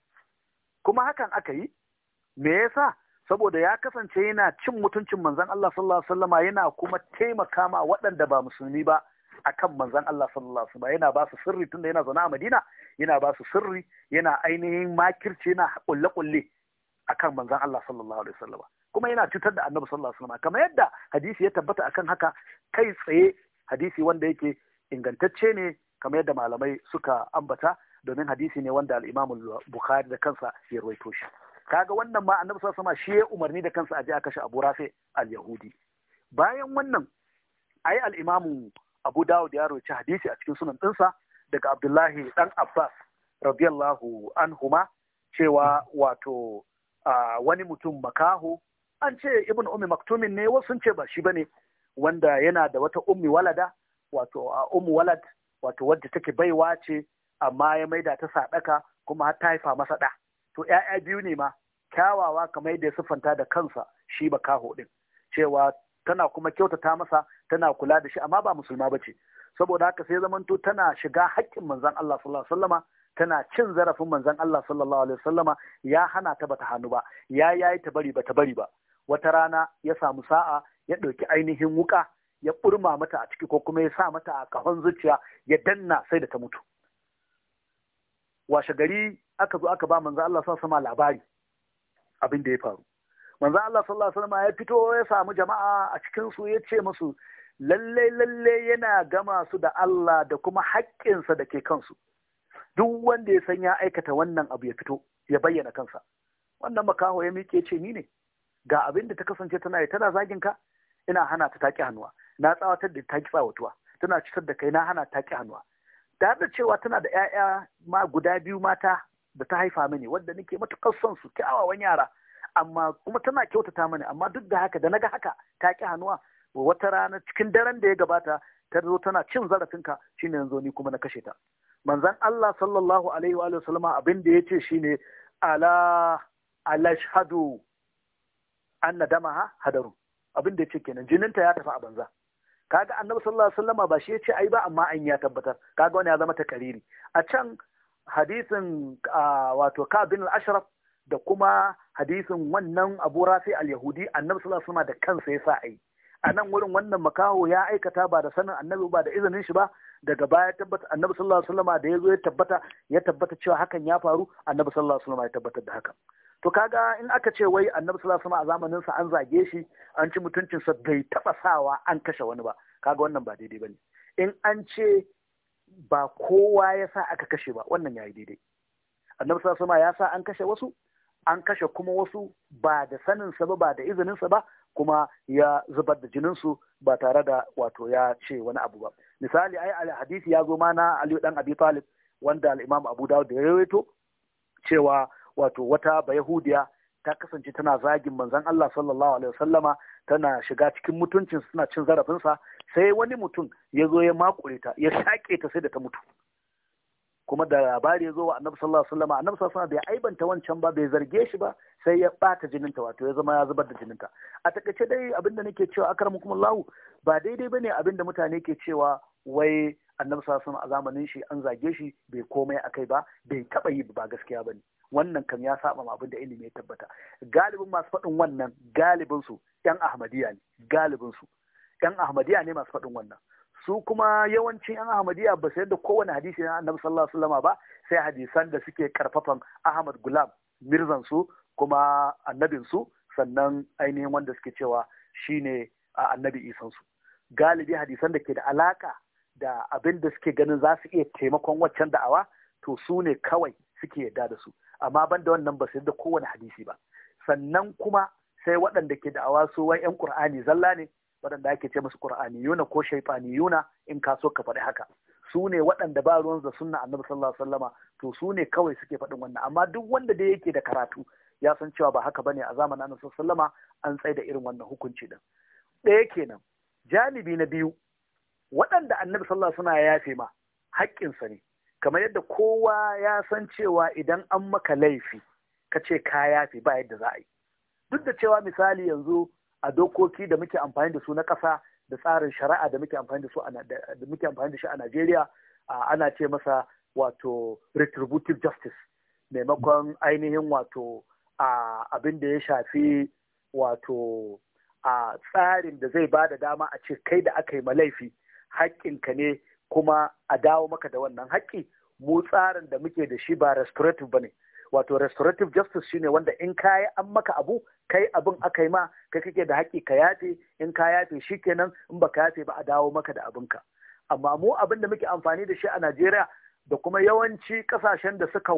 kuma hakan aka yi me yasa saboda ya kasance yana cin mutuncin manzon Allah sallallahu alaihi yana kuma taimaka ma waɗanda ba musulmi ba akan manzan Allah sallallahu alaihi wasallam yana ba su sirri tunda yana zaune a Madina yana ba su sirri yana ainihin makirci yana kulle kulle akan manzan Allah sallallahu alaihi wasallam kuma yana cutar da Annabi sallallahu alaihi wasallam kamar yadda hadisi ya tabbata akan haka kai tsaye hadisi wanda yake ingantacce ne kamar yadda malamai suka ambata domin hadisi ne wanda al-Imam Bukhari da kansa ya rawaito shi kaga wannan ma Annabi sallallahu alaihi wasallam shi ya umarni da kansa a je a kashe Abu Rafi al-Yahudi bayan wannan ai al-Imam abu dawud ya roci hadisi a cikin sunan ɗinsa daga abdullahi dan abbas radiyallahu anhuma cewa wato wani mutum makaho an ce ibn ummi maktumin ne wasu ce ba shi bane wanda yana da wata ummi walada wato ummu walad wato wadda take baiwa ce amma ya maida ta sadaka kuma har ta haifa masa ɗa to ƴaƴa biyu ne ma kyawawa kamar da ya siffanta da kansa shi makaho din cewa tana kuma kyautata masa tana kula da shi amma ba musulma ba ce saboda haka sai zamanto tana shiga haƙƙin manzon Allah sallallahu alaihi wasallama tana cin zarafin manzon Allah sallallahu alaihi wasallama ya hana ta bata hannu ba ya yayi ta bari bata bari ba wata rana ya samu sa'a ya ɗauki ainihin wuka ya ƙurma mata a ciki ko kuma ya sa mata a kahon zuciya ya danna sai da ta mutu washe gari aka zo aka ba manzan Allah alaihi sama labari abin da ya faru manzo Allah sallallahu alaihi wasallam ya fito ya samu jama'a a cikin su ya ce musu lalle lalle yana gama su da Allah da kuma haƙƙinsa da ke kansu duk wanda ya san ya aikata wannan abu ya fito ya bayyana kansa wannan makaho ya mike ce ni ne ga abin da ta kasance tana yi tana zagin ka ina hana ta taƙi hannuwa na tsawatar da ta ki tsawatuwa tana cutar da kai na hana ta ki hannuwa da da cewa tana da 'ya'ya ma guda biyu mata da ta haifa mini wadda nake matukar son su kyawawan yara amma kuma tana kyautata mani amma duk da haka da naga haka ta ki hannuwa wata rana cikin daren da ya gabata ta zo tana cin zarafinka shine yanzu ni kuma na kashe ta manzan Allah sallallahu alaihi wa sallama abin da yace shine ala alashhadu anna damaha hadaru abin da yace kenan jinin ta ya tafi a banza kaga annabi sallallahu alaihi wasallama ba shi yace ai ba amma an ya tabbatar kaga wani ya zama ta kariri a can hadisin wato ka bin al-ashraf da kuma hadisin wannan abu rafi al-yahudi annabi sallallahu alaihi da kansa ya sa ai a nan wurin wannan makaho ya aikata ba da sanin annabi ba da izinin shi ba daga baya tabbata annabi sallallahu alaihi wasallam da yazo ya tabbata ya tabbata cewa hakan ya faru annabi sallallahu alaihi wasallam ya tabbatar da hakan. to kaga in aka ce wai annabi sallallahu alaihi wasallam a zamanin sa an zage shi an ci mutuncin sa bai taba sawa an kashe wani ba kaga wannan ba daidai bane in an ce ba kowa ya sa aka kashe ba wannan yayi daidai annabi sallallahu alaihi wasallam ya sa an kashe wasu an kashe kuma wasu ba da saninsa ba ba da izininsa ba kuma ya zubar da jininsu ba tare da wato ya ce wani abu ba misali ai alhadisi ya zo mana aliyu dan abi talib wanda al'imam abu dawud da ya rawaito cewa wato wata bayahudiya ta kasance tana zagin manzon Allah sallallahu alaihi wasallama tana shiga cikin mutuncin suna cin zarafinsa sai wani mutum ya zo ya makure ta ya shaƙe ta sai da ta mutu kuma da labari ya zo wa annabi sallallahu alaihi wasallam annabi sallallahu alaihi bai aibanta wancan ba bai zarge shi ba sai ya bata jininta wato ya zama ya zubar da jininta a takaice dai abinda nake cewa akramukumullahu ba daidai bane abinda mutane ke cewa wai annabi sallallahu alaihi a zamanin shi an zage shi bai komai akai ba bai taba yi ba gaskiya bane wannan kam ya saba abin da ilimi ya tabbata galibin masu faɗin wannan galibin su yan ahmadiyya ne galibin su ɗan ahmadiyya ne masu faɗin wannan su kuma yawancin yan ahmadiyya ba su yadda kowane hadisi na annabi sallallahu alaihi wasallam ba sai hadisan da suke karfafan ahmad gulam mirzan su kuma annabin su sannan ainihin wanda suke cewa shine annabi isan su galibi hadisan da ke da alaka da abin da suke ganin za su iya taimakon waccan da'awa to su ne kawai suke yarda da su amma ban wannan ba su da kowane hadisi ba sannan kuma sai waɗanda ke da'awa su wai yan qur'ani zalla ne waɗanda ake ce musu yuna ko yuna in ka so ka faɗi haka su ne waɗanda ba ruwan da sunna annabi sallallahu alaihi wasallama to su ne kawai suke faɗin wannan amma duk wanda dai yake da karatu ya san cewa ba haka bane a zamanin annabi sallallahu alaihi wasallama an tsaida irin wannan hukunci din ɗaya kenan janibi na biyu waɗanda annabi sallallahu alaihi wasallama ya yafe ma haƙƙinsa ne kamar yadda kowa ya san cewa idan an maka laifi ka ce ka yafe ba yadda za a yi duk da cewa misali yanzu a dokoki da muke amfani da su na ƙasa da tsarin shari'a da muke amfani da su da muke amfani da shi a Najeriya ana ce masa wato retributive justice maimakon ainihin wato abin da ya shafi wato a tsarin da zai ba da dama a ce kai da aka yi ma malaifi haƙƙinka ne kuma a dawo maka da wannan haƙƙi mu tsarin da muke da shi ba restorative bane ne wato restorative justice shine wanda in kayi an maka abu kai abin aka yi ma kai kake da haƙƙi ka yafe in ka yafe shi shikenan in ba ka yafe ba a dawo maka da abinka amma mu abin da muke amfani da shi a Najeriya da kuma yawanci ƙasashen da suka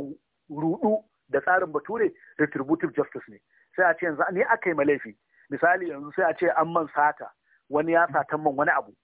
rudu da tsarin bature retributive justice ne sai a ce yanzu ni aka yi laifi misali yanzu sai a ce an man sata wani ya satan man wani abu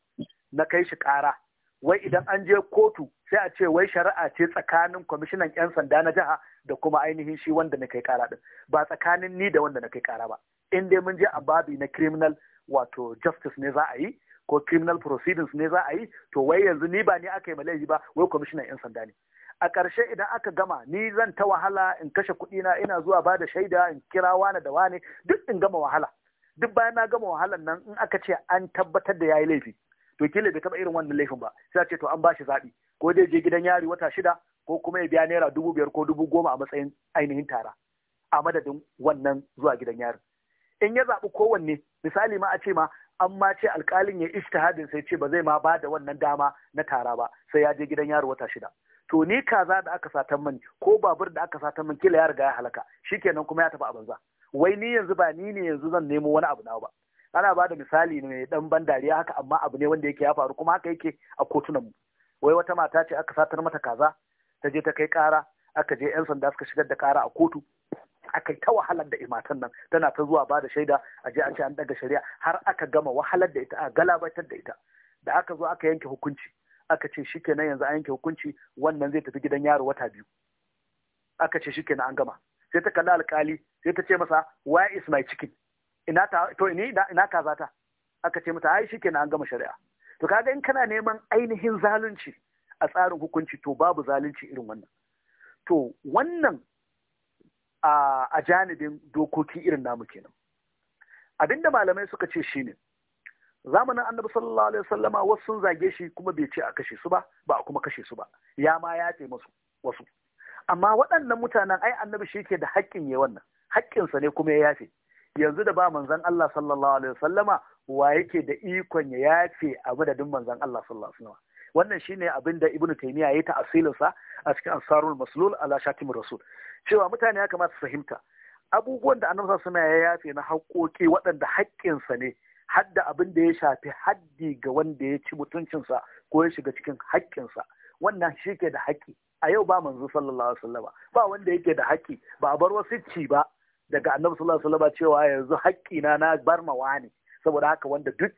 na kai shi kara wai idan an je kotu sai a ce wai shari'a ce tsakanin kwamishinan 'yan sanda na jiha da kuma ainihin shi wanda na kai kara din ba tsakanin ni da wanda na kai kara ba in dai mun je a babi na criminal wato justice ne za a yi ko criminal proceedings ne za a yi to wai yanzu ni ba ni aka yi ma laifi ba wai kwamishinan 'yan sanda ne a ƙarshe idan aka gama ni zan ta wahala in kashe kuɗi na ina zuwa ba da shaida in kira wane da wane duk in gama wahala duk bayan na gama wahalan nan in aka ce an tabbatar da yayi laifi to kila bai taɓa irin wannan laifin ba sai a ce to an ba shi zaɓi ko zai je gidan yari wata shida ko kuma ya biya naira dubu biyar ko dubu goma a matsayin ainihin tara a madadin wannan zuwa gidan yari. in ya zaɓi kowanne misali ma a ce ma an ma ce alƙalin ya ishtihadin sai ce ba zai ma ba da wannan dama na tara ba sai ya je gidan yari wata shida to ni kaza da aka satan mani ko babur da aka satan mani kila ya riga ya halaka kenan kuma ya tafi a banza wai ni yanzu ba ni ne yanzu zan nemo wani abu na ba ana bada misali ne dan ban dariya haka amma abu ne wanda yake ya faru kuma haka yake a kotunan mu wai wata mata ce aka satar mata kaza ta je ta kai kara aka je yan sanda suka shigar da kara a kotu aka yi ta wahalar da imatan nan tana ta zuwa ba da shaida a je an ce an daga shari'a har aka gama wahalar da ita a galabatar da ita da aka zo aka yanke hukunci aka ce shikenan yanzu an yanke hukunci wannan zai tafi gidan yaro wata biyu aka ce shikenan an gama sai ta kalli alkali sai ta ce masa why is my chicken ina ta to ina ina kaza ta aka ce mata ai shikenan an gama shari'a to kaga in kana neman ainihin zalunci a tsarin hukunci to babu zalunci irin wannan to wannan a janibin dokoki irin namu kenan abinda malamai suka ce shine zamanin annabi sallallahu alaihi wasallama wasu sun zage shi kuma bai ce a kashe su ba ba a kuma kashe su ba ya ma ya ce wasu amma waɗannan mutanen ai annabi shi ke da haƙƙin ya wannan haƙƙinsa ne kuma ya yafe yanzu da ba manzon Allah sallallahu alaihi wasallama wa yake da ikon ya yafe a madadin manzon Allah sallallahu alaihi wasallam wannan shine abin da ibnu taymiya yayi ta asilin sa a cikin ansarul maslul ala shatim rasul cewa mutane ya kamata su fahimta abubuwan da annabi sallallahu alaihi ya yafe na haƙoƙi waɗanda haƙƙinsa ne hadda abin da ya shafi haddi ga wanda ya ci mutuncinsa ko ya shiga cikin haƙƙinsa wannan shi ke da haƙƙi a yau ba manzo sallallahu alaihi wasallam ba wanda yake da haƙƙi ba a bar wasu ci ba daga annabi sallallahu alaihi wasallam cewa yanzu haƙƙi na na bar saboda haka wanda duk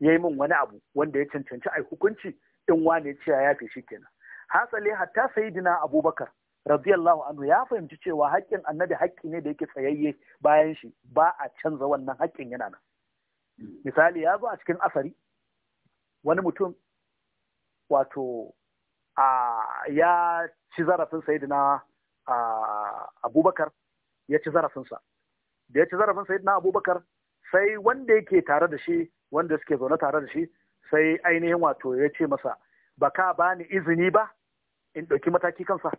ya yi min wani abu wanda ya cancanci a hukunci in wane cewa ya fi shi kenan hasali hatta sayidina abubakar radiyallahu anhu ya fahimci cewa haƙƙin annabi haƙƙi ne da yake tsayayye bayan shi ba a canza wannan haƙƙin yana nan misali ya zo a cikin asari wani mutum wato a ya ci zarafin sayidina abubakar ya ci zarafinsa da ya ci zarafin sayidina abubakar sai wanda yake tare da shi wanda suke zaune tare da shi sai ainihin wato ya ce masa ba ka ba ni izini ba in ɗauki mataki kansa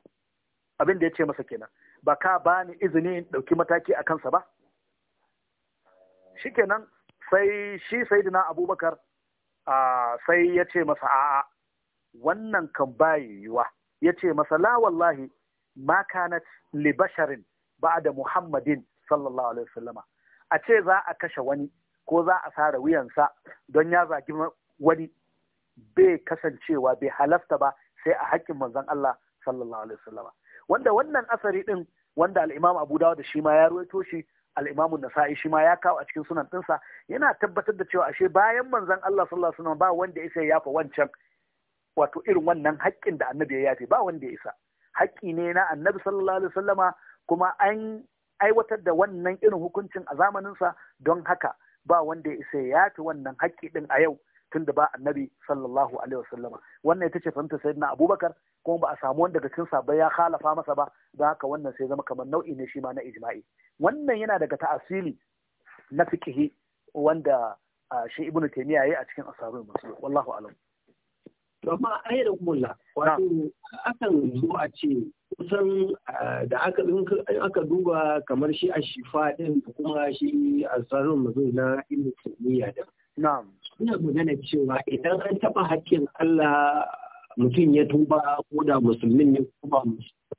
abin da ya ce masa kenan ba ka ba ni izini in ɗauki mataki a kansa ba shikenan sai shi saidina abubakar sai ya ce masa a'a wannan kan bayi yiwuwa ya ce masa la wallahi ma kanat li basharin ba'da muhammadin sallallahu alaihi wasallama a ce za a kashe wani ko za a sare wuyansa don ya zagi wani bai kasancewa bai halasta ba sai a haƙƙin manzon Allah sallallahu alaihi wasallama wanda wannan asari ɗin, wanda al-Imam Abu Dawud shi ma ya ruwaito shi al-Imam Nasa'i shi ma ya kawo a cikin sunan ɗinsa yana tabbatar da cewa ashe bayan manzon Allah sallallahu alaihi wasallama ba wanda ya sai fa wancan wato irin wannan haƙƙin da annabi ya yafe ba wanda ya isa haƙƙi ne na annabi sallallahu kuma an aiwatar da wannan irin hukuncin a zamaninsa don haka ba wanda ya isa ya fi wannan haƙƙi ɗin a yau tun da ba annabi sallallahu alaihi wasallama wannan ita ce fahimtar na abubakar kuma ba a samu wanda daga cikin sabai ya halafa masa ba don haka wannan sai zama kamar nau'i ne shi ma na ijma'i wannan yana daga ta'asili na fikihi wanda shi ibnu taymiya yayi a cikin asarul masu wallahu alam to amma ayyadakumullah wato akan zo a ce kusan eh, da aka aka duba kamar shi a shifa din da kuma shi a tsarin mazo na ilmin kimiyya da ina magana cewa idan an taɓa haƙƙin Allah mutum ya tuba ko da musulmin ne ko ba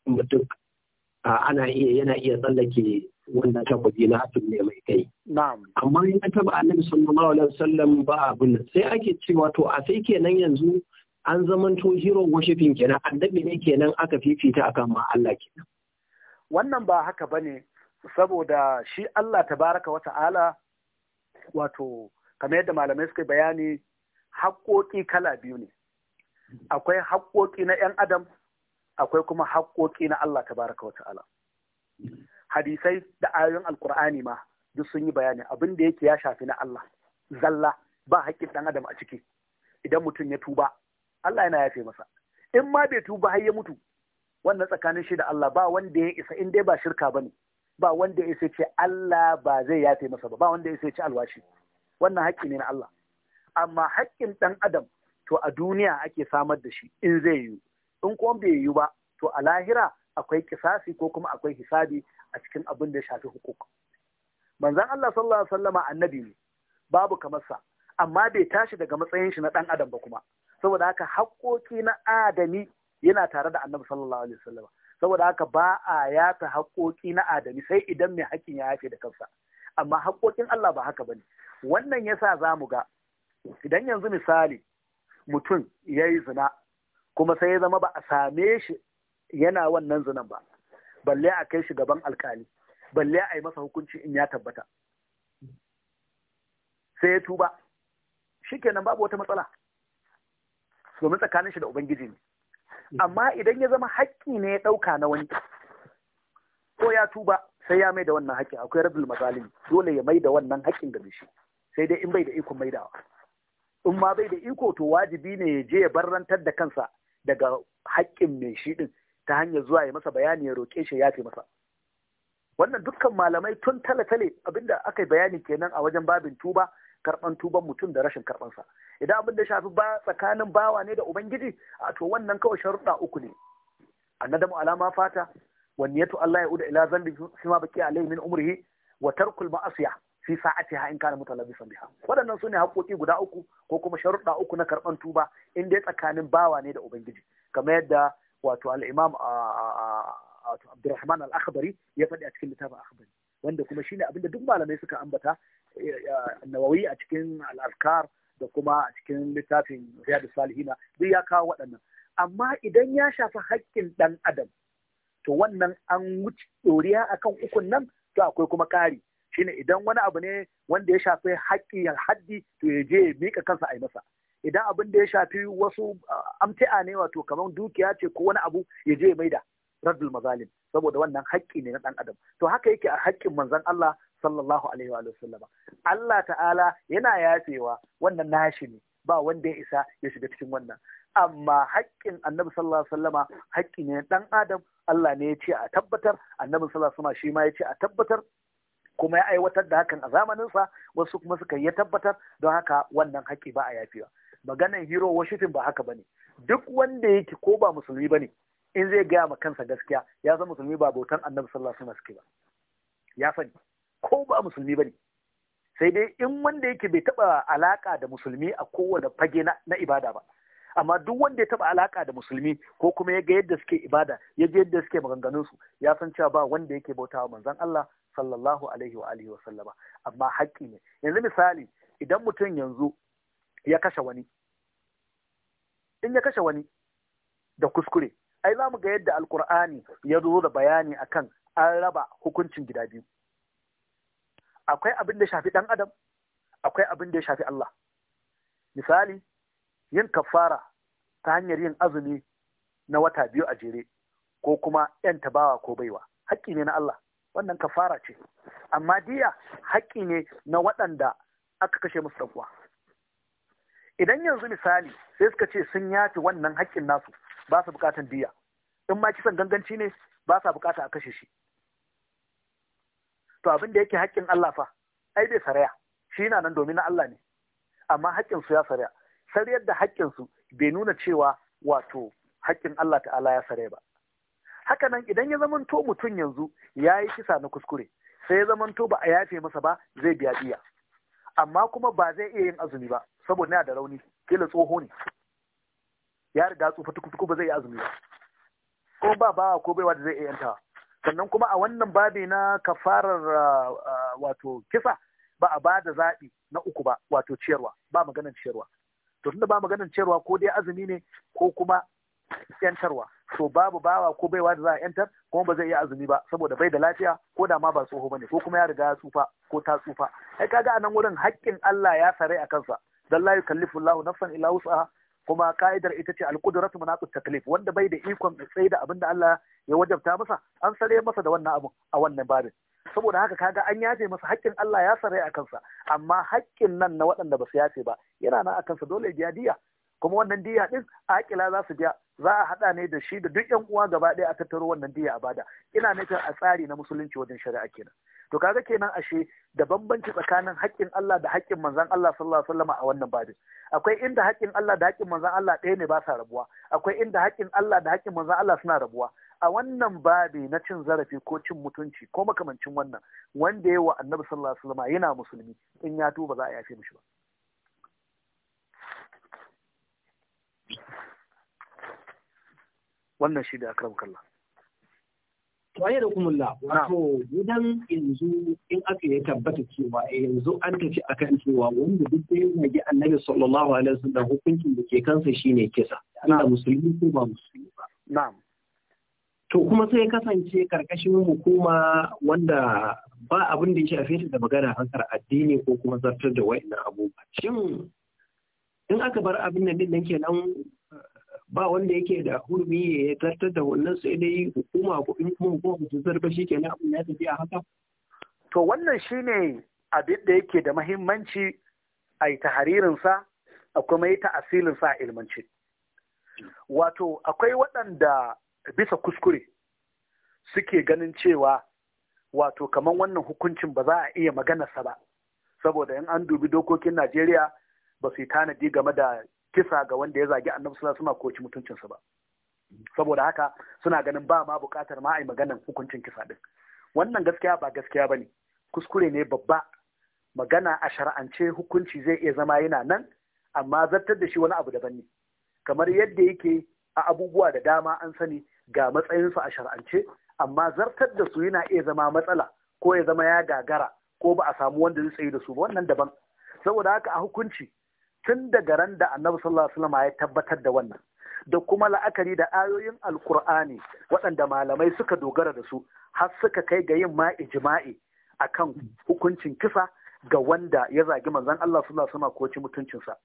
mutum ana iya yana iya tsallake wannan tabbaji na hatun ne mai kai amma in an taɓa annabi sallallahu alaihi wasallam ba abin sai ake cewa to a sai kenan yanzu an zamanto hero worshipin kenan annabi ne kenan aka fifita akan ma Allah kenan wannan ba haka bane saboda shi Allah tabaraka wa ta'ala wato kamar yadda malamai suka bayani haƙoƙi kala biyu ne akwai haƙoƙi na 'yan adam akwai kuma haƙoƙi na Allah tabaraka wa ta'ala hadisai da ayoyin alkur'ani ma duk sun yi bayani abin da yake ya shafi na Allah zalla ba haƙƙin ɗan adam a ciki idan mutum ya tuba Allah yana yafe masa in ma bai tuba har ya mutu wannan tsakanin shi da Allah ba wanda ya isa in dai ba shirka bane ba wanda ya isa ce Allah ba zai yafe masa ba ba wanda ya isa ce alwashi wannan haƙƙi ne na Allah amma haƙƙin ɗan adam to a duniya ake samar da shi in zai yiwu in kuma bai yiwu ba to a lahira akwai kisasi ko kuma akwai hisabi a cikin abin da ya shafi hukuk manzon Allah sallallahu alaihi wasallama annabi ne babu kamar sa amma bai tashi daga matsayin shi na ɗan adam ba kuma saboda haka haƙoƙi na adami yana tare da annabi sallallahu alaihi wasallam saboda haka ba a yata haƙoƙi na adami sai idan mai haƙƙin ya yafe da kansa amma haƙoƙin Allah ba haka bane wannan yasa za mu ga idan yanzu misali mutum ya yi zina kuma sai ya zama ba a same shi yana wannan zinan ba balle a kai shi gaban alkali balle a yi masa hukunci in ya tabbata sai ya tuba shikenan babu wata matsala domin tsakanin shi da ubangiji ne mm-hmm. amma idan ya zama haƙƙi ne ya ɗauka na wani ko ya tuba sai ya mai da wannan haƙƙin akwai rabin mazalim dole ya mai da wannan haƙƙin da shi sai dai in bai da ikon maidawa in ma bai da iko to wajibi ne ya je ya barrantar da kansa daga haƙƙin mai shi ɗin ta hanyar zuwa ya masa bayani ya roƙe shi ya fi masa wannan dukkan malamai tun tale-tale abinda aka yi bayani kenan a wajen babin tuba karban tuban mutum da rashin karbansa idan abin da shafi ba tsakanin bawa ne da ubangiji a to wannan kawai sharuɗa uku ne annadamu alama fata wa to Allah ya uda ila zambi fi ma baki alayhi min umrihi wa tarkul ma'asiya fi ha in kana mutalabbisan biha waɗannan sune haƙoƙi guda uku ko kuma sharuɗa uku na karban tuba in dai tsakanin bawa ne da ubangiji kamar yadda wato al-imam Abdurrahman al-Akhbari ya faɗi a cikin littafin Akhbari wanda kuma shine abinda duk malamai suka ambata nawawi a cikin al'afkar da kuma a cikin littafin riyadu salihina duk ya kawo waɗannan amma idan ya shafi haƙƙin ɗan adam to wannan an wuce ɗoriya kan ukun nan to akwai kuma ƙari shine idan wani abu ne wanda ya shafi haƙƙi haddi to ya je ya miƙa kansa a yi masa idan abin da ya shafi wasu uh, amti'a ne wato kamar dukiya ce ko wani abu ya je ya maida raddul mazalim saboda wannan haƙƙi ne na ɗan adam to haka yake a haƙƙin manzon Allah sallallahu alaihi wa sallama Allah ta'ala yana yafewa wannan nashi ne ba wanda ya isa ya shiga cikin wannan amma haƙƙin annabi sallallahu alaihi wa sallama haƙƙi ne dan adam Allah ne ya ce a tabbatar annabi sallallahu alaihi wa shi ma ya ce a tabbatar kuma ya aiwatar da hakan a zamaninsa wasu kuma suka yi tabbatar don haka wannan haƙƙi ba a yafewa maganan hero worshiping ba haka bane duk wanda yake ko ba musulmi bane in zai gaya ma kansa gaskiya ya zama musulmi ba bautan annabi sallallahu alaihi suke ba ya sani ko ba musulmi ba ne, sai dai in wanda yake bai taba alaka da musulmi a kowane fage na ibada ba amma duk wanda ya taba alaka da musulmi ko kuma ya ga yadda suke ibada ya ga yadda suke maganganun su ya san cewa ba wanda yake bautawa manzon Allah sallallahu alaihi wa alihi wa sallama amma haƙƙi ne yanzu misali idan mutum yanzu ya kashe wani in ya kashe wani da kuskure ai za mu ga yadda alkur'ani ya zo da bayani akan an raba hukuncin gida biyu akwai abin da shafi ɗan adam akwai abin da ya shafi Allah misali yin kafara ta hanyar yin azumi na wata biyu a jere ko kuma yan tabawa ko baiwa haƙƙi ne na Allah wannan kafara ce amma diya haƙƙi ne na waɗanda aka kashe musu ɗan'uwa idan yanzu misali sai suka ce sun yafi wannan haƙƙin nasu ba su buƙatan diya in ma kisan ganganci ne ba sa buƙata a kashe shi to abin da yake haƙƙin Allah fa ai bai saraya shi na nan domin na Allah ne amma haƙƙin su ya saraya sarayar da haƙƙin su bai nuna cewa wato haƙƙin Allah ta'ala ya saraya ba haka nan idan ya zamanto mutum yanzu ya yi kisa na kuskure sai ya zamanto ba a yafe masa ba zai biya biya amma kuma ba zai iya yin azumi ba saboda yana da rauni kila tsoho ne ya riga tsofa tukutuku ba zai yi azumi ba ko ba bawa ko baiwa da zai iya yantawa sannan kuma a wannan babi na kafarar ah, ah, wato kisa ba a da zaɓi na uku ba wato ciyarwa ba maganar ciyarwa to tunda ba maganar ciyarwa ko dai azumi ne ko kuma yantarwa to babu bawa ko baiwa da za a yantar kuma ba zai iya azumi ba saboda bai da lafiya ko da ma ba tsoho bane ko kuma ya riga ya tsufa ko ta tsufa ai kaga a nan wurin haƙƙin Allah ya sare a kansa dan la yukallifu Allahu nafsan illa wus'aha kuma ka'idar ita ce alqudratu munaqut taklif wanda bai da ikon tsaye da abin da Allah ya wajabta masa an sare masa da wannan abu a wannan babin saboda haka kaga an yafe masa haƙƙin Allah ya sare a kansa amma haƙƙin nan na waɗanda ba su yafe ba yana nan a kansa dole ya diya kuma wannan diya din akila za su biya za a haɗa ne da shi da duk ƴan uwa gaba ɗaya a tattaro wannan diya a bada ina nufin a tsari na musulunci wajen shari'a kenan to kaga kenan ashe da bambanci tsakanin haƙƙin Allah da haƙƙin manzon Allah sallallahu alaihi wasallam a wannan babin akwai inda haƙƙin Allah da haƙƙin manzon Allah ɗaya ne ba sa rabuwa akwai inda haƙƙin Allah da haƙƙin manzon Allah suna rabuwa a wannan babi na cin zarafi ko cin mutunci ko makamancin wannan wanda ya wa annabi sallallahu alaihi wasallam yana musulmi in ya tuba za a yafe mishi ba wannan shi da akram kallah waye da kumulla wato gidan yanzu in aka yi tabbata cewa eh, yanzu an tafi a kan cewa wanda duk da yana ji annabi sallallahu alaihi wasallam hukuncin da ke kansa shine kisa ana musulmi ko ba musulmi ba na'am to kuma sai kasance karkashin hukuma wanda ba abin da ya shafe ta da magana hankar addini ko kuma zartar da wa'annan abubuwa shin in aka bar abin nan din nan kenan ba wanda yake da hurmi ya tattar da wannan sai dai hukuma ko in kuma hukuma ta zarba shi ke abin ya tafi a haka to wannan shi ne abin da yake da mahimmanci a yi taharirinsa a kuma yi ta'asilinsa a ilmance wato akwai waɗanda bisa kuskure suke ganin cewa wato kamar wannan hukuncin ba za a iya maganarsa ba saboda in an dubi dokokin najeriya ba su yi tanadi game da kisa ga wanda ya zagi annabi sallallahu alaihi wasallam ko ci mutuncinsa ba saboda haka suna ganin ba ma bukatar ma ai maganan hukuncin kisa din wannan gaskiya ba gaskiya bane kuskure ne babba magana a shar'ance hukunci zai iya zama yana nan amma zartar da shi wani abu daban ne kamar yadda yake a abubuwa da dama an sani ga matsayinsu a shar'ance amma zartar da su yana iya zama matsala ko ya zama ya gagara ko ba a samu wanda zai tsaye da su ba wannan daban saboda haka a hukunci tun daga ran da annabi sallallahu alaihi wasallam ya tabbatar da wannan da kuma la'akari da ayoyin alkur'ani waɗanda malamai suka dogara da su har suka kai ga yin ma ijma'i akan hukuncin kisa ga wanda ya zagi manzon Allah sallallahu alaihi ko ci mutuncinsa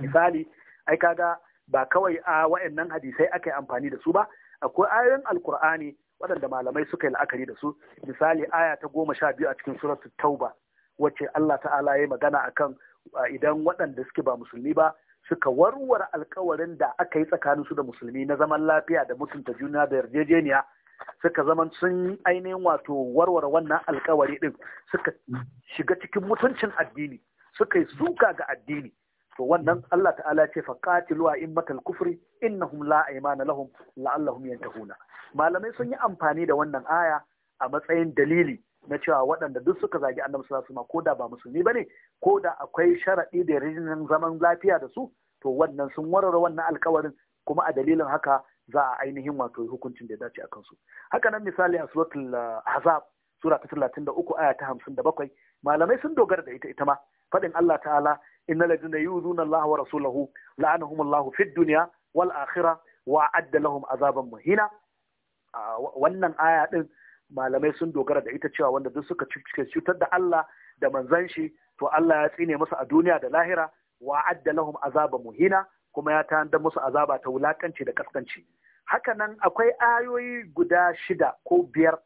misali ai kaga ba kawai a wa'annan hadisai aka yi amfani da su ba akwai ayoyin alkur'ani waɗanda malamai suka yi la'akari da su misali aya ta goma sha biyu a cikin suratul tauba wacce Allah ta'ala ya yi magana akan idan waɗanda suke ba musulmi ba suka warware alkawarin da aka yi tsakanin su da musulmi na zaman lafiya da mutunta juna da yarjejeniya suka zama sun ainihin wato warware wannan alkawari din suka shiga cikin mutuncin addini suka yi suka ga addini to wannan Allah ta'ala ce fa qatilu a'immatal kufri innahum la aymana lahum la'allahum yantahuna malamai sun yi amfani da wannan aya a matsayin dalili na cewa waɗanda duk suka zagi annabi sallallahu alaihi wasallam ko da ba musulmi ne? ko da akwai sharaɗi da rijinin zaman lafiya da su to wannan sun warware wannan alkawarin kuma a dalilin haka za a ainihin wato hukuncin da ya dace a kansu haka nan misali a suratul uh, ahzab sura ta 33 aya ta bakwai, malamai sun dogara da ita ita ma Faɗin Allah ta'ala innal ladina yuzuna Allah wa rasulahu la'anahum Allah fid dunya wal akhirah wa adda lahum azaban muhina wannan aya din malamai sun dogara da ita cewa wanda duk suka cutar da Allah da manzan shi to Allah ya tsine musu a duniya da lahira wa adda lahum azaba muhina kuma ya tanda musu azaba ta wulakanci da kaskanci Haka nan, akwai ayoyi guda shida ko biyar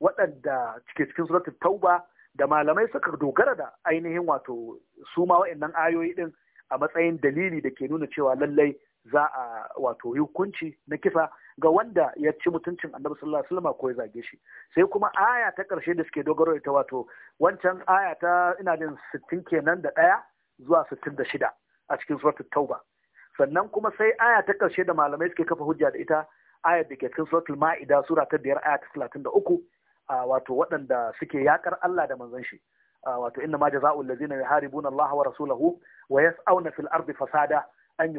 waɗanda cike cikin suratul tauba da malamai suka dogara da ainihin wato su ma wa'annan ayoyi din a matsayin dalili da ke nuna cewa lallai za a wato yi hukunci na kisa ga wanda ya ci mutuncin annabi sallallahu alaihi wasallam ko ya zage shi sai kuma aya ta karshe da suke dogaro ita wato wancan aya ta ina jin 60 kenan da daya zuwa 66 a cikin suratul tauba sannan kuma sai aya ta karshe da malamai suke kafa hujja da ita Aya da ke cikin suratul ma'ida sura ta 5 aya ta 33 wato waɗanda suke yakar Allah da manzon shi wato inna ma jaza'ul ladzina yuharibuna Allah wa rasulahu wa yas'auna fil ardi fasada an yi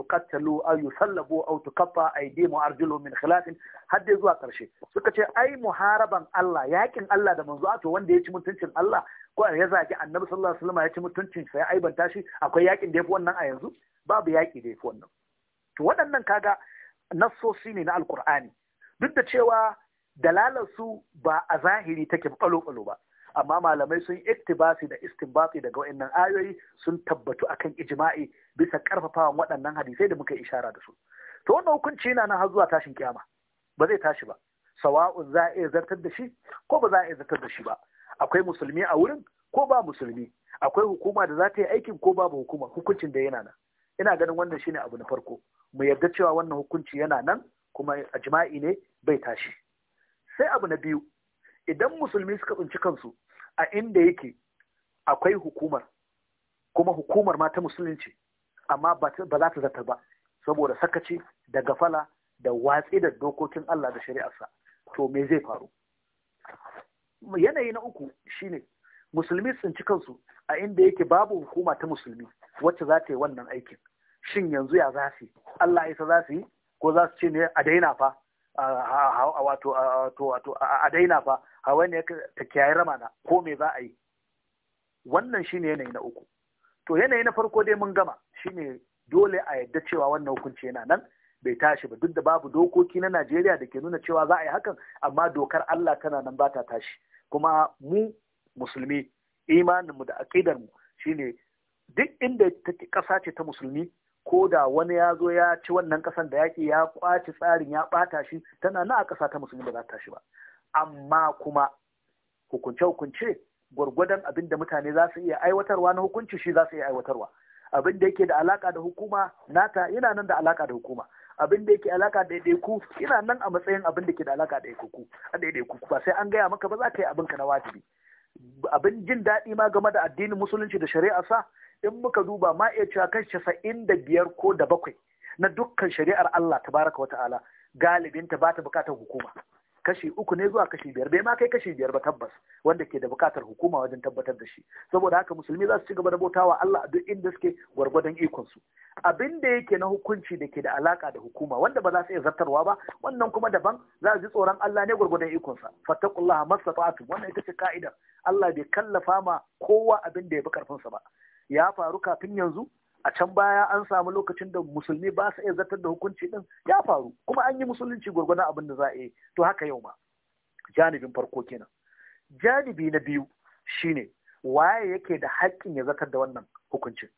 aw yusallabu aw tukaffa aydihim wa arjuluhum min khilafin har zuwa ƙarshe. suka ce ai muharaban Allah yaƙin Allah da manzo to wanda ya ci mutuncin Allah ko ya zagi annabi sallallahu alaihi wasallam ya ci mutuncin Sai ai aibanta shi akwai yakin da yafi wannan a yanzu babu yaki da yafi wannan to waɗannan kaga nassosi ne na alkur'ani duk da cewa dalalar su ba a zahiri take balo ba amma malamai sun ittibasi da istinbati daga waɗannan ayoyi sun tabbatu akan ijma'i bisa karfafawan waɗannan hadisai da muka ishara da su to wannan hukunci yana nan har zuwa tashin kiyama ba zai tashi ba sawa'un za a iya zartar da shi ko ba za a iya zartar da shi ba akwai musulmi a wurin ko ba musulmi akwai hukuma da za ta yi aikin ko babu hukuma hukuncin da yana nan ina ganin wannan shine abu na farko mu yarda cewa wannan hukunci yana nan kuma a ne bai tashi sai abu na biyu idan musulmi suka tsinci kansu a inda yake akwai hukumar kuma hukumar ma ta musulunci amma ba za ta zata ba saboda sakaci da gafala da watsi da dokokin Allah da shari'arsa to me zai faru yanayi na uku shine musulmi tsinci kansu a inda yake babu hukuma ta musulmi wacce za ta yi wannan aikin shin yanzu ya za su Allah isa za su yi ko za su ce ne a daina fa wato wato a daina fa hawainiya ta kiyaye ramana ko me za a yi wannan shine yanayi na uku to yanayi na farko dai mun gama shine dole a yadda cewa wannan hukunci yana nan bai tashi ba duk da babu dokoki na Najeriya da ke nuna cewa za a yi hakan amma dokar Allah tana nan ba ta tashi kuma mu musulmi imaninmu da mu shine duk inda ƙasa ce ta musulmi ko da wani ya zo ya ci wannan kasan da yaƙi ya kwaci tsarin ya ɓata shi tana na a ƙasa ta musulmi ba za ta shi ba amma kuma hukunce-hukunce gwargwadon abin da mutane za su iya aiwatarwa na hukunci shi za su iya aiwatarwa abin da yake da alaka da hukuma nata yana nan da alaka da hukuma abin da yake alaka da ɗaiɗaiku yana nan a matsayin abin da ke da alaka da ɗaiɗaiku ba sai an gaya maka ba za ka yi abin ka na wajibi abin jin daɗi ma game da addinin musulunci da shari'a sa in muka duba ma iya cewa kan casa'in da biyar ko da bakwai na dukkan shari'ar Allah ta baraka wa ta'ala galibin ta bata bukatar hukuma kashi uku ne zuwa kashi biyar bai ma kai kashi biyar ba tabbas wanda ke da bukatar hukuma wajen tabbatar da shi saboda haka musulmi za su ci gaba da bautawa Allah a duk inda suke gwargwadon ikon su abin da yake na hukunci da ke da alaka da hukuma wanda ba za su iya zartarwa ba wannan kuma daban za su ji tsoron Allah ne gwargwadon ikon sa fattaqullaha masata'tum wannan ita ce ka'ida Allah bai kallafa ma kowa abin da ya bi karfin sa ba ya faru kafin yanzu a can baya an samu lokacin da musulmi ba su iya zartar da hukunci din ya faru kuma an yi musulunci gwargwadon abin da za a yi to haka yau ma janibin farko kenan janibi na biyu shine waye yake da haƙƙin ya zartar da wannan hukuncin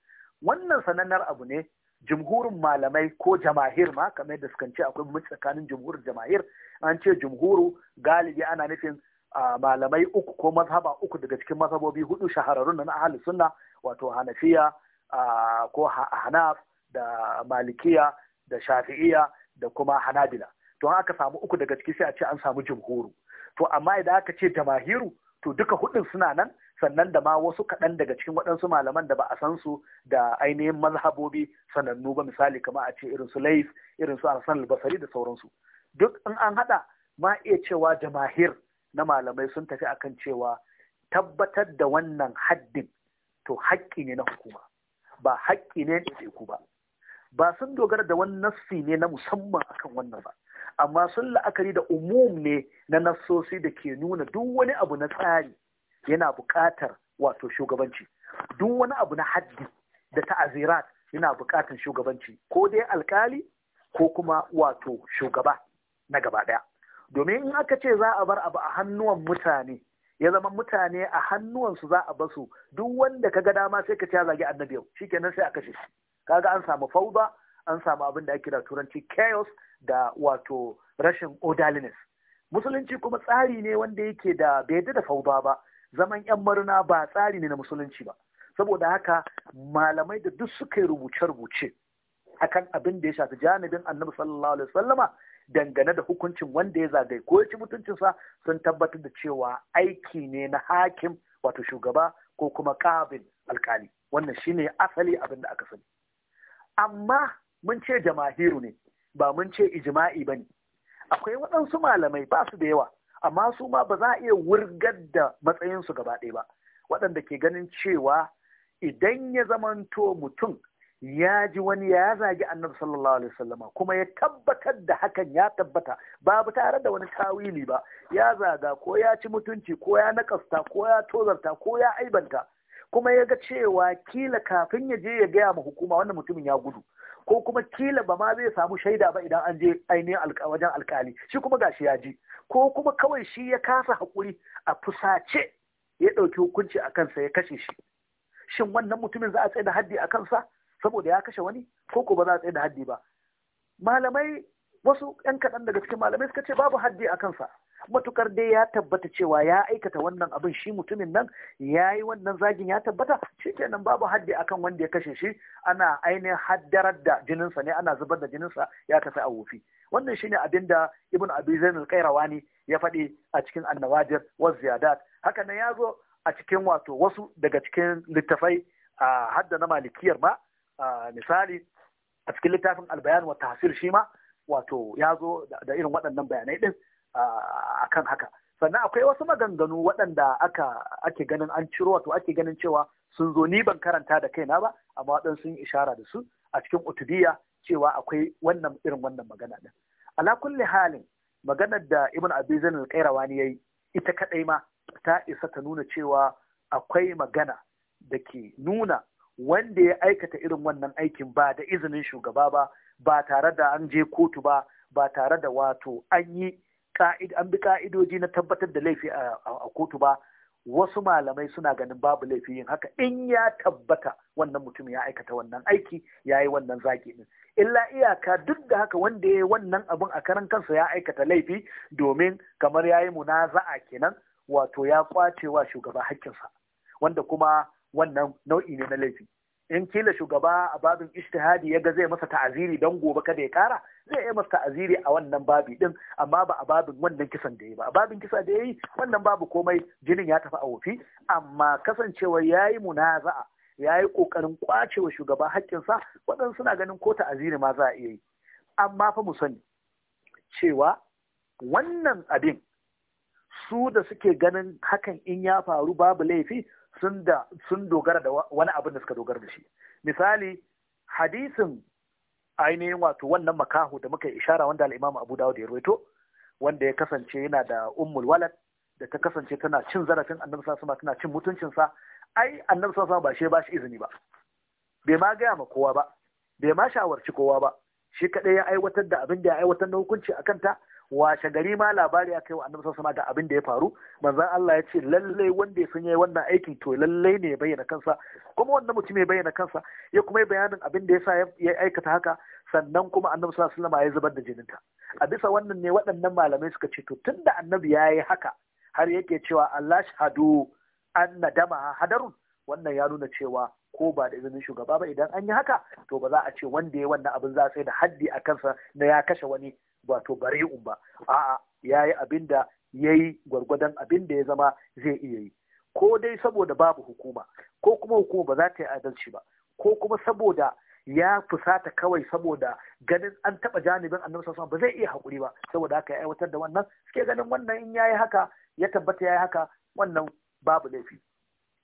wannan sanannar abu ne jumhurin malamai ko jamahir ma kamar da sukan ce akwai bambanci tsakanin jumhur jamahir an ce jumhuru galibi ana nufin malamai uku ko mazhaba uku daga cikin mazhabobi hudu shahararrun na ahalus sunna wato hanafiya ko hanaf da malikiya da shafi'iya da kuma hanabila to aka samu uku daga ciki sai a ce an samu jumhuru to amma idan aka ce jamahiru to duka hudun suna nan sannan da ma wasu kaɗan daga cikin waɗansu malaman da ba a san su da ainihin mazhabobi sanannu ba misali kamar a ce irin su laif irin su al albasari da sauransu duk in an haɗa ma iya cewa jamahir na malamai sun tafi akan cewa tabbatar da wannan haddin to haƙƙi ne na hukuma ba haƙƙi ne na teku ba ba sun dogara da wani nassi ne na musamman akan wannan ba amma sun la'akari da umum ne na nassosi da ke nuna duk wani abu na tsari yana buƙatar wato shugabanci duk wani abu na haddi da ta'azirat yana buƙatar shugabanci ko dai alkali ko kuma wato shugaba na gaba ɗaya domin in aka ce za a bar abu a hannuwan mutane ya zama mutane a hannuwansu za a basu duk wanda ka ga dama sai ka ci zagi annabi yau shikenan sai a kashe shi kaga an samu fauda an samu abin da ake da turanci chaos da wato rashin orderliness musulunci kuma tsari ne wanda yake da bai da fauda ba zaman yan murna ba tsari ne na musulunci ba saboda haka malamai da duk suka yi rubuce-rubuce akan abin da ya shafi janibin annabi sallallahu alaihi wasallama dangane da hukuncin wanda ya zagaye ko ya ci mutuncinsa sun tabbatar da cewa aiki ne na hakim wato shugaba ko kuma kabin alkali wannan shine asali abin da aka sani amma mun ce jamahiru ne ba mun ce ijma'i ba ne akwai waɗansu malamai ba su da yawa amma su ma ba za a iya wurgar da matsayinsu gaba ɗaya ba waɗanda ke ganin cewa idan ya zamanto mutum ya ji wani ya zagi annabi sallallahu alaihi wasallama kuma ya tabbatar da hakan ya tabbata babu tare da wani tawili ba ya zaga ko ya ci mutunci ko ya nakasta ko ya tozarta ko ya aibanta kuma ya ga cewa kila kafin ya je ya gaya ma hukuma wannan mutumin ya gudu ko kuma kila ba ma zai samu shaida ba idan an je ainihin wajen alkali shi kuma gashi ya ji ko kuma kawai shi ya kasa hakuri a fusace ya ɗauki hukunci a kansa ya kashe shi shin wannan mutumin za a tsaye da haddi a kansa saboda ya kashe wani ko ko ba za a tsaye da haddi ba malamai wasu yan kaɗan daga cikin malamai suka ce babu haddi a kansa matukar dai ya tabbata cewa ya aikata wannan abin shi mutumin nan ya yi wannan zagin ya tabbata shi kenan babu haddi akan wanda ya kashe shi ana ainihin haddarar da jininsa ne ana zubar da jininsa ya tafi a wofi wannan shine abin da ibn abi zain Kairawa ne. ya faɗi a cikin annawajir wa ziyadat haka nan ya zo a cikin wato wasu daga cikin littafai a hadda na malikiyar ma misali a cikin littafin albayan wa tafsir shi ma wato ya zo da irin waɗannan bayanai ɗin a kan haka sannan akwai wasu maganganu waɗanda aka ake ganin an ciro wato ake ganin cewa sun zo ni ban karanta da kaina ba amma waɗansu sun ishara da su a cikin utubiya cewa akwai wannan irin wannan magana ɗin. ala kulli halin maganar da ibn abizan al-qayrawani yayi ita kaɗai ma ta isa ta nuna cewa akwai magana da ke nuna wanda ya aikata irin wannan aikin ba da izinin shugaba ba ba tare da an je kotu ba ba tare da wato an yi an bi ka'idoji na tabbatar da laifi a kotu ba wasu malamai suna ganin babu laifi yin haka in ya tabbata wannan mutum ya aikata wannan aiki ya yi wannan zaki din illa iyaka duk da haka wanda ya yi wannan abin a karan kansa ya aikata laifi domin kamar ya yi munaza'a kenan wato ya kwacewa shugaba hakkinsa wanda kuma wannan nau'i ne na laifi in kila shugaba a babin ishtihadi ya ga zai masa ta'aziri don gobe kada ya kara zai iya masa ta'aziri a wannan babi din amma ba a babin wannan kisan da ya ba a babin kisa da yayi wannan babu komai jinin ya tafi a wofi amma kasancewa ya yi munaza'a ya yi ƙoƙarin kwacewa shugaba haƙƙinsa waɗansu suna ganin ko ta'aziri ma za a iya yi amma fa mu sani cewa wannan abin su da suke ganin hakan in ya faru babu laifi sun da sun dogara da wani abin da suka dogara da shi misali hadisin ainihin wato wannan makahu da muka ishara wanda al'imamu Abu Dawud ya rawaito wanda ya kasance yana da ummul walad da ta kasance tana cin zarafin annabi sallallahu alaihi tana cin mutuncinsa ai annabi sallallahu ba shi ba shi izini ba bai ma gaya ma kowa ba bai ma shawarci kowa ba shi kaɗai ya aiwatar da abin da ya aiwatar na hukunci akan ta washe gari ma labari ya kai wa annabi sallallahu alaihi da abin da ya faru manzon Allah ya ce lallai wanda ya sanya wannan aikin to lallai ne ya bayyana kansa kuma wannan mutum ya bayyana kansa ya kuma yi bayanin abin da ya sa ya aikata haka sannan kuma annabi sallallahu alaihi ya zubar da jininta a bisa wannan ne waɗannan malamai suka ce to tunda annabi ya yi haka har yake cewa Allah shahadu an nadama hadarun wannan ya nuna cewa ko ba da izinin shugaba ba idan an yi haka to ba za a ce wanda ya wannan abin za a da haddi a kansa na ya kashe wani wato bari'un ba a'a yayi abin da yayi gwargwadon abin da ya zama zai iya yi ko dai saboda babu hukuma ko kuma hukuma ba za ta yi adalci ba ko kuma saboda ya fusata kawai saboda ganin an taba janibin annabi sallallahu ba zai iya hakuri ba saboda haka ya aiwatar da wannan suke ganin wannan in ya yi haka ya tabbata yayi haka wannan babu laifi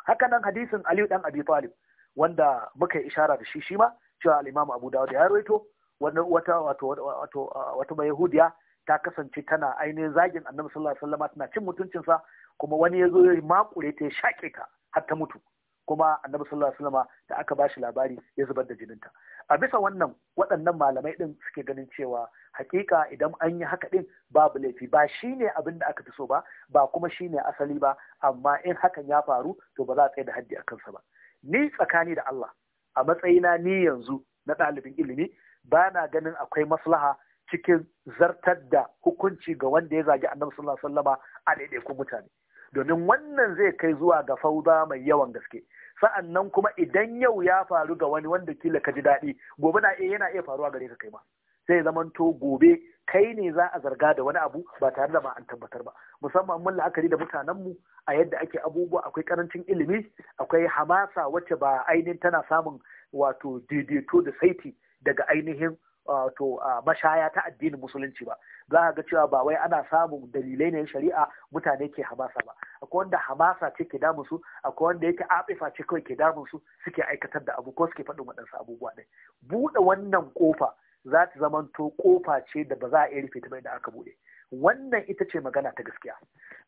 haka nan hadisin Aliyu ɗan Abi Talib wanda muka yi ishara da shi shi ma cewa al-Imam Abu Dawud ya rawaito wata wato wato wata mai yahudiya ta kasance tana ainihin zagin annabi sallallahu alaihi wasallam tana cin mutuncinsa kuma wani ya zo ya makure ta ya shake ta har ta mutu kuma annabi sallallahu alaihi wasallam da aka bashi labari ya zubar da jininta a bisa wannan waɗannan malamai din suke ganin cewa hakika idan an yi haka din babu laifi ba shine abin da aka fi so ba ba kuma shine asali ba amma in hakan ya faru to ba za a tsaye da haddi a kansa ba ni tsakani da Allah a matsayina ni yanzu na ɗalibin ilimi ba na ganin akwai maslaha cikin zartar da hukunci ga wanda ya zagi annabi sallallahu alaihi wasallama a daidaikun mutane domin wannan zai kai zuwa ga fauda mai yawan gaske sa'an nan kuma idan yau ya faru ga wani wanda kila ka ji daɗi gobe na iya yana iya faruwa gare ka kai ma sai zaman to gobe kai ne za a zarga da wani abu ba tare da ma an tabbatar ba musamman mun la'akari da mutanenmu a yadda ake abubuwa akwai karancin ilimi akwai hamasa wacce ba ainihin tana samun wato daidaito da saiti daga ainihin wato mashaya ta addinin musulunci ba za a ga cewa ba wai ana samun dalilai ne shari'a mutane ke hamasa ba akwai wanda hamasa ce ke damun su akwai wanda yake afifa ce kawai ke damun su suke aikatar da abu ko suke faɗin waɗansu abubuwa ɗin buɗe wannan kofa za ta to ƙofa ce da ba za a iya rufe ta bai da aka buɗe wannan ita ce magana ta gaskiya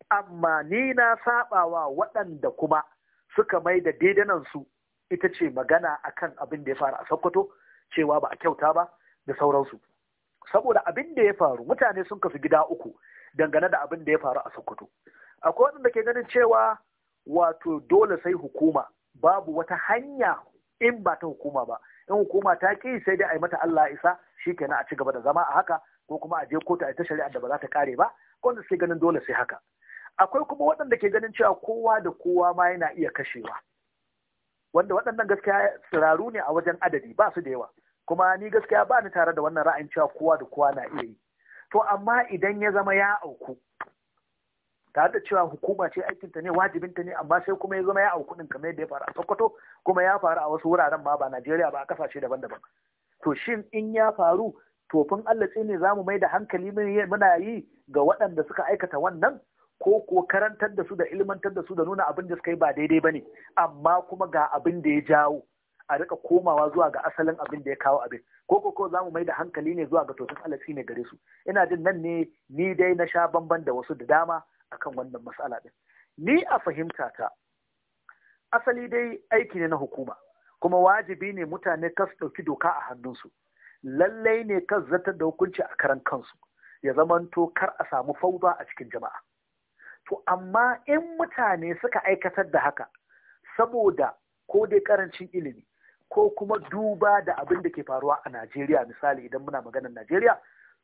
amma ni na saɓawa waɗanda kuma suka mai da daidanan su ita ce magana akan abin da ya fara a Sokoto cewa ba a kyauta ba da sauransu saboda abin da ya faru mutane sun kasu gida uku dangane da abin da ya faru a sokoto akwai waɗanda ke ganin cewa wato dole sai hukuma babu wata hanya in ba ta hukuma ba in hukuma ta ƙi sai dai a yi mata Allah isa shi kenan a ci gaba da zama a haka ko kuma a je kotu a ta shari'a da ba za ta kare ba wanda suke ganin dole sai haka akwai kuma waɗanda ke ganin cewa kowa da kowa ma yana iya kashewa wanda waɗannan gaskiya tsiraru ne a wajen adadi ba su da yawa kuma ni gaskiya ba ni tare da wannan ra'ayin cewa kowa da kowa na iya yi to amma idan ya zama ya auku tare da cewa hukuma ce aikin ta ne wajibin ta ne amma sai kuma ya zama ya auku din kamar yadda ya faru a Sokoto kuma ya faru a wasu wuraren ma ba Najeriya ba a kasashe daban-daban to shin in ya faru tofin Allah ne za mu mai da hankali muna yi ga waɗanda suka aikata wannan ko ko karantar da su da ilmantar da su da nuna abin da suka yi ba daidai ba ne amma kuma ga abin da ya jawo a rika komawa zuwa ga asalin abin da ya kawo abin ko ko ko zamu mai da hankali ne zuwa ga totun alatsi ne gare su ina jin nan ne ni dai na sha bamban da wasu da dama akan wannan matsala din ni a fahimta ta asali dai aiki ne na hukuma kuma wajibi ne mutane kas ɗauki doka a hannunsu lallai ne kan zartar da hukunci a karan kansu ya zamanto kar a samu fauda a cikin jama'a to amma in mutane suka aikatar da haka saboda ko dai karancin ilimi ko kuma duba da abin da ke faruwa a Najeriya misali idan muna maganar Najeriya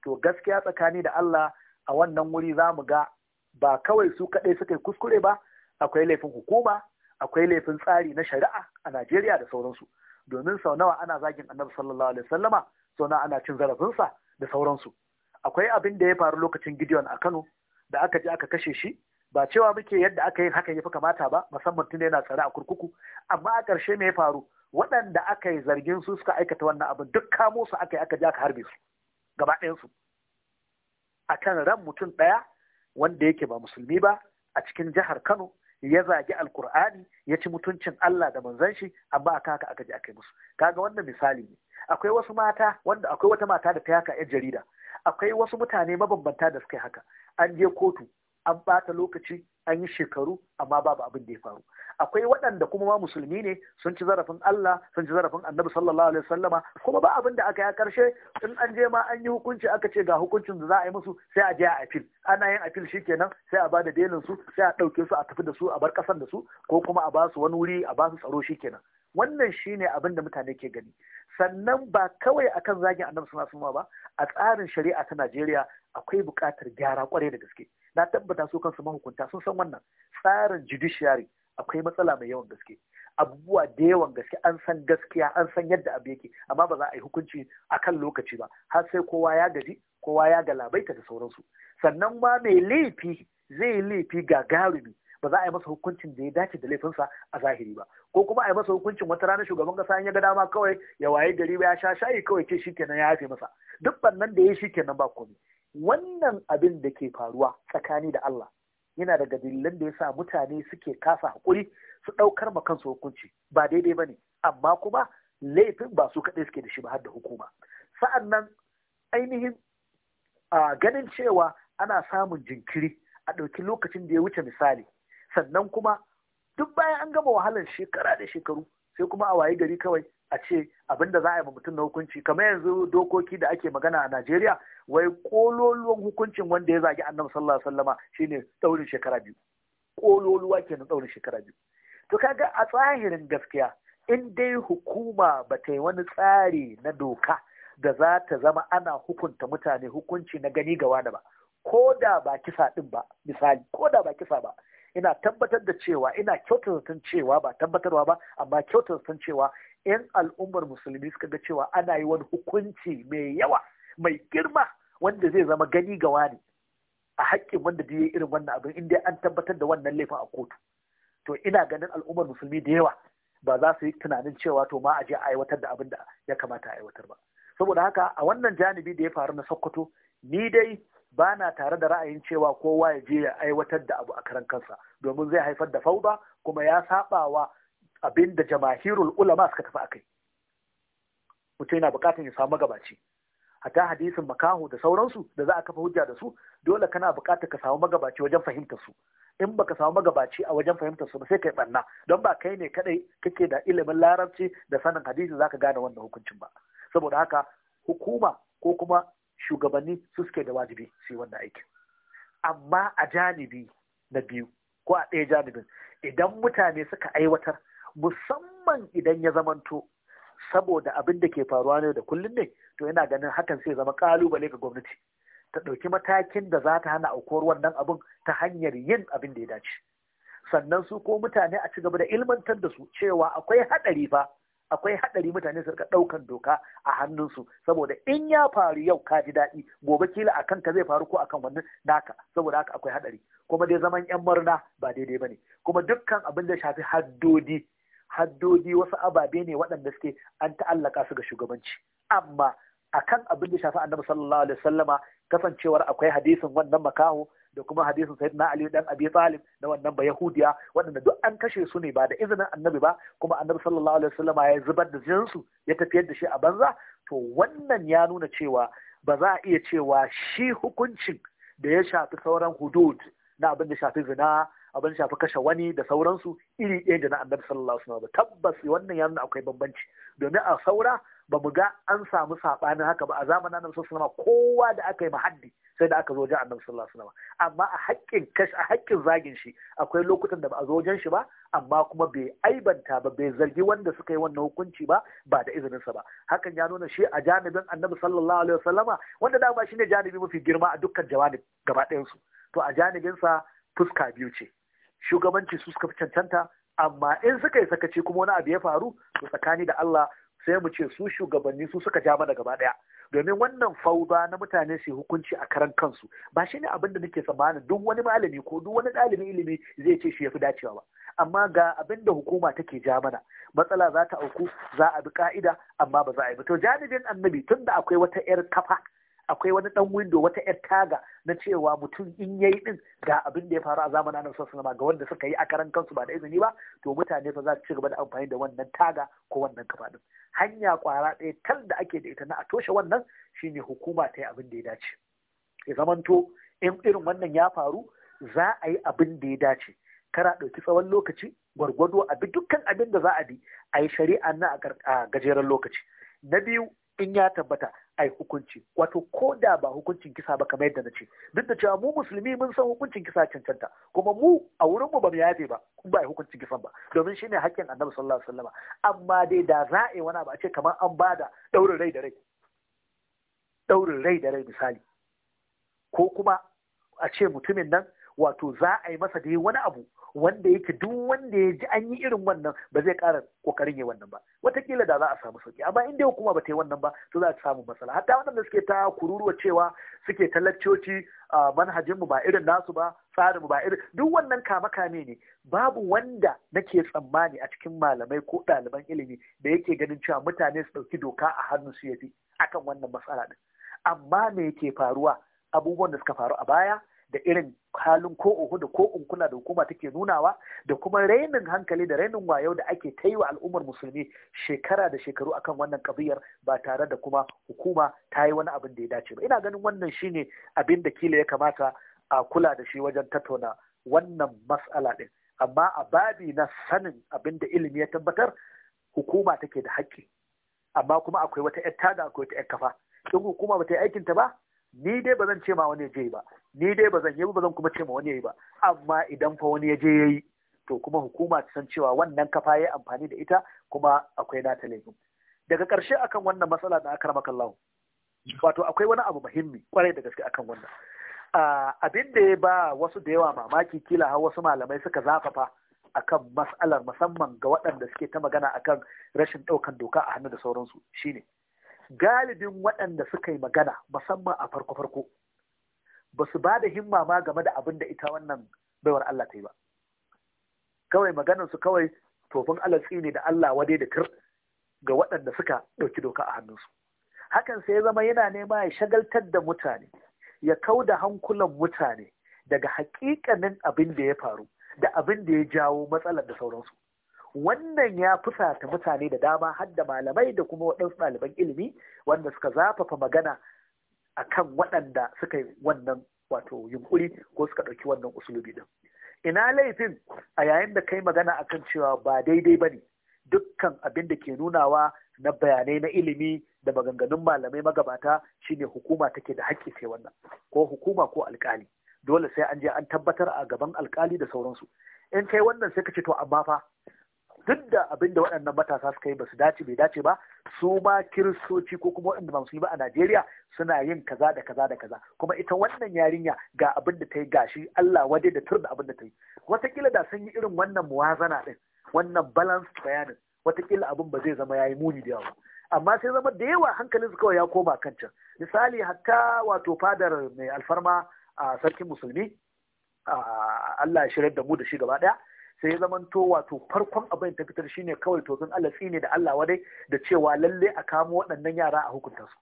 to gaskiya tsakani da Allah a wannan wuri za mu ga ba kawai su kaɗai suka yi kuskure ba akwai laifin hukuma akwai laifin tsari na shari'a a Najeriya da sauransu domin sau nawa ana zagin annabi sallallahu alaihi wasallama sau nawa ana cin zarafinsa da sauransu akwai abin da ya faru lokacin Gideon a Kano da aka je aka kashe shi ba cewa muke yadda aka yi haka yafi kamata ba musamman tun yana tsare a kurkuku amma a ƙarshe me ya faru waɗanda aka yi zargin su suka aikata wannan abin duk kamo su aka yi aka ja ka harbe su gaba ɗayan su A kan ran mutum ɗaya wanda yake ba musulmi ba a cikin jihar Kano ya zagi alkur'ani ya ci mutuncin Allah da manzon shi amma aka haka aka je aka yi musu kaga wannan misali ne akwai wasu mata wanda akwai wata mata da ta yaka 'yan jarida akwai wasu mutane mabambanta da suka yi haka an je kotu an bata lokaci an yi shekaru amma babu abin da ya faru akwai waɗanda kuma ma musulmi ne sun ci zarafin Allah sun ci zarafin Annabi sallallahu alaihi wasallama kuma ba abin da aka yi karshe in an je ma an yi hukunci aka ce ga hukuncin da za a yi musu sai a je a afil ana yin shi shikenan sai a ba da delin su sai a ɗauke su a tafi da su a bar ƙasan da su ko kuma a ba su wani wuri a ba su tsaro shikenan wannan shine abin da mutane ke gani sannan ba kawai akan zagin annabi sallallahu alaihi wasallama ba a tsarin shari'a ta Najeriya akwai buƙatar gyara kwarai da gaske na tabbata su kansu mahukunta sun san wannan tsarin judiciary akwai matsala mai yawan gaske abubuwa da yawan gaske an san gaskiya an san yadda abu yake amma ba za a yi hukunci a kan lokaci ba har sai kowa ya gaji kowa ya ga labaita da sauransu sannan ma mai laifi zai yi laifi gagarumi ba za a yi masa hukuncin da ya dace da laifinsa a zahiri ba ko kuma a yi masa hukuncin wata rana shugaban kasa ya ga dama kawai ya waye gari ya sha shayi kawai ce kenan ya haife masa duk bannan da ya yi shi kenan ba komai wannan abin da ke faruwa tsakani da Allah yana daga dalilan da ya sa mutane suke kasa haƙuri su ɗaukar ma kansu hukunci ba daidai ba ne amma kuma laifin ba su kaɗai suke da shi ba har da hukuma sa'an nan ainihin a ganin cewa ana samun jinkiri a ɗauki lokacin da ya wuce misali sannan kuma duk bayan an gama wahalar shekara da shekaru sai kuma a waye gari kawai a ce abin da za a yi mutum na hukunci kamar yanzu dokoki da ake magana a Najeriya wai kololuwan hukuncin wanda ya zagi annabi sallallahu alaihi wasallama shine daurin shekara biyu kololuwa kenan daurin shekara biyu to kaga a tsahirin gaskiya in dai hukuma ba ta yi wani tsari na doka da za ta zama ana hukunta mutane hukunci na gani gawa da ba ko da ba kisa din ba misali ko da ba kisa ba ina tabbatar da cewa ina kyautar zaton cewa ba tabbatarwa ba amma kyautar zaton cewa 'yan al'ummar musulmi suka ga cewa ana yi wani hukunci mai yawa mai girma wanda zai zama gani ga wani a haƙƙin wanda da irin wannan abin inda an tabbatar da wannan laifin a kotu to ina ganin al'ummar musulmi da yawa ba za su yi tunanin cewa to ma a je a aiwatar da abin da ya kamata a aiwatar ba saboda haka a wannan janibi da ya faru na sokoto ni dai ba na tare da ra'ayin cewa kowa ya je ya aiwatar da abu a karan kansa domin zai haifar da fauda kuma ya saɓawa Abin da jamahirul ulama suka tafi akai mutum yana bukatar ya samu magabaci hatta hadisin makaho da sauransu da za a kafa hujja da su dole kana bukatar ka samu magabaci wajen fahimtar su in baka samu magabaci a wajen fahimtar su ba sai kai banna don ba kai ne kadai kake da ilimin larabci da sanin hadisi zaka gane wannan hukuncin ba saboda haka hukuma ko kuma shugabanni su suke da wajibi su yi wannan aikin amma a janibi na biyu ko a ɗaya janibin idan mutane suka aiwatar musamman idan ya zamanto saboda abin da ke faruwa ne da kullum ne to yana ganin hakan sai zama kalubale ga gwamnati ta ɗauki matakin da za ta hana aukuwar wannan abin ta hanyar yin abin da ya dace sannan su ko mutane a ci gaba da ilmantar da su cewa akwai haɗari fa akwai haɗari mutane su ɗaukan doka a hannunsu saboda in ya faru yau ka ji daɗi gobe kila a kanka zai faru ko a kan wannan naka saboda haka akwai haɗari kuma dai zaman yan murna ba daidai ba ne kuma dukkan abin da shafi haddodi haddodi wasu ababe ne waɗanda suke an ta'allaka su ga shugabanci amma akan abin da shafi annabi sallallahu alaihi wasallama kasancewar akwai hadisin wannan makaho da kuma hadisin sayyidina ali dan abi talib da wannan ba yahudiya waɗanda duk an kashe su ne ba da izinin annabi ba kuma annabi sallallahu alaihi wasallama ya zubar da jinsu ya tafiyar da shi a banza to wannan ya nuna cewa ba za a iya cewa shi hukuncin da ya shafi sauran hudud na abin da shafi zina abin shafi kashe wani da sauransu iri ɗaya da na annabi sallallahu alaihi wasallam tabbas wannan ya nuna akwai bambanci domin a saura ba mu ga an samu sabanin haka ba a zamanin annabi sallallahu alaihi kowa da aka yi mahaddi sai da aka zo wajen annabi sallallahu alaihi amma a haƙƙin kash a haƙƙin zagin shi akwai lokutan da ba a zo wajen shi ba amma kuma bai aibanta ba bai zargi wanda suka yi wannan hukunci ba ba da izinin sa ba hakan ya nuna shi a janibin annabi sallallahu alaihi wasallama wanda dama shine janibi mafi girma a dukkan jawanib gaba ɗayan su to a janibinsa fuska biyu ce shugabanci su suka fi cancanta amma in suka yi sakaci kuma wani abu ya faru to tsakani da Allah sai mu ce su shugabanni su suka ja mana gaba daya domin wannan fauda na mutane su hukunci a karan kansu ba shi ne abin da nake tsammanin duk wani malami ko duk wani ɗalibin ilimi zai ce shi ya fi dacewa ba amma ga abin da hukuma take ja mana matsala za ta auku za a bi ka'ida amma ba za a yi ba to annabi tunda akwai wata 'yar kafa akwai wani dan window wata yar taga na cewa mutum in yayi din ga abin da ya faru a zamanin nan sosai ga wanda suka yi a karan kansu ba da izini ba to mutane fa za su ci gaba da amfani da wannan taga ko wannan kafa din hanya kwara ɗaya tal da ake da ita na a toshe wannan shine hukuma ta yi abin da ya dace ya zamanto in irin wannan ya faru za a yi abin da ya dace kara ɗauki tsawon lokaci gwargwado a bi dukkan abin da za a bi a yi shari'a na a gajeren lokaci na biyu in ya tabbata ai yi hukunci wato ko da ba hukuncin kisa ba kamar yadda na ce duk da cewa mu musulmi mun san hukuncin kisa cancanta kuma mu a wurin mu ba mu yafe ba ba hukuncin kisan ba domin shine hakkin annabi sallallahu alaihi wasallam amma dai da za a yi wani ba a ce kamar an bada daurin rai da rai daurin rai da rai misali ko kuma a ce mutumin nan wato za a yi masa dai wani abu wanda yake duk wanda ya ji an yi irin wannan ba zai ƙara ƙoƙarin yi wannan ba wataƙila da za a samu sauki amma in dai kuma ba ta yi wannan ba to za a samu matsala hatta waɗanda suke ta kururuwa cewa suke ta manhajin mu ba irin nasu ba tsarinmu ba irin duk wannan kama kame ne babu wanda nake tsammani a cikin malamai ko ɗaliban ilimi da yake ganin cewa mutane su ɗauki doka a hannu su yafi akan wannan matsala ɗin amma me yake faruwa abubuwan da suka faru a baya da irin halin ko uhu da ko unkula da hukuma take nunawa da kuma rainin hankali da rainin wayo da ake ta yi wa al'ummar musulmi shekara da shekaru akan wannan kabiyar ba tare da kuma hukuma ta yi wani abin da ya dace ba ina ganin wannan shine abin da kila ya kamata a kula da shi wajen tattauna wannan mas'ala din amma a babi na sanin abin da ilimi ya tabbatar hukuma take da haƙƙi amma kuma akwai wata 'yar tada akwai wata 'yar kafa in hukuma ba ta yi aikinta ba ni dai ba zan ce ma wani je ba ni dai ba zan yi ba zan kuma ce ma wani yayi ba amma idan fa wani ya je yayi to kuma hukuma ta san cewa wannan kafa yayi amfani da ita kuma akwai nata laifin daga ƙarshe akan wannan matsala da aka ramaka kallahu wato akwai wani abu muhimmi kwarai da gaske akan wannan abin da ya ba wasu da yawa mamaki kila har wasu malamai suka zafafa akan mas'alar musamman ga waɗanda suke ta magana akan rashin ɗaukan doka a hannu da sauransu shine galibin waɗanda suka yi magana musamman a farko-farko ba su ba da himma ma game da abin da ita wannan baiwar Allah ta yi ba kawai maganarsu kawai tofin alatsi ne da Allah wade da kir ga waɗanda suka ɗauki doka a hannunsu hakan sai ya zama yana nema ya shagaltar da mutane ya kau da hankulan mutane daga hakikanin abin da ya faru da abin da ya jawo matsalar da sauransu wannan ya fusata mutane da dama har da malamai da kuma waɗansu ɗaliban ilimi wanda suka zafafa magana akan waɗanda suka yi wannan wato yunkuri ko suka ɗauki wannan usulubi ɗin ina laifin a yayin da kai magana a kan cewa ba daidai ba ne dukkan abin da ke nunawa na bayanai na ilimi da maganganun malamai magabata shine hukuma take da haƙƙi sai wannan ko hukuma ko alƙali dole sai an je an tabbatar a gaban alƙali da sauransu in kai wannan sai ka ce to amma fa duk da abin da waɗannan matasa suka yi ba su dace bai dace ba su ma kiristoci ko kuma waɗanda ba su yi ba a Najeriya suna yin kaza da kaza da kaza kuma ita wannan yarinya ga abin da ta yi gashi Allah waje da tur da abin da ta yi watakila da sun yi irin wannan muwazana din wannan balance bayanin watakila abin ba zai zama yayi muni da yawa amma sai zama da yawa hankalin su kawai ya koma kan can misali hatta wato fadar mai alfarma a sarkin musulmi Allah ya shirar da mu da shi gaba daya sai zamanto wato farkon abin ta fitar shine kawai tozon Allah tsine da Allah wadai da cewa lalle a kamo waɗannan yara a hukunta su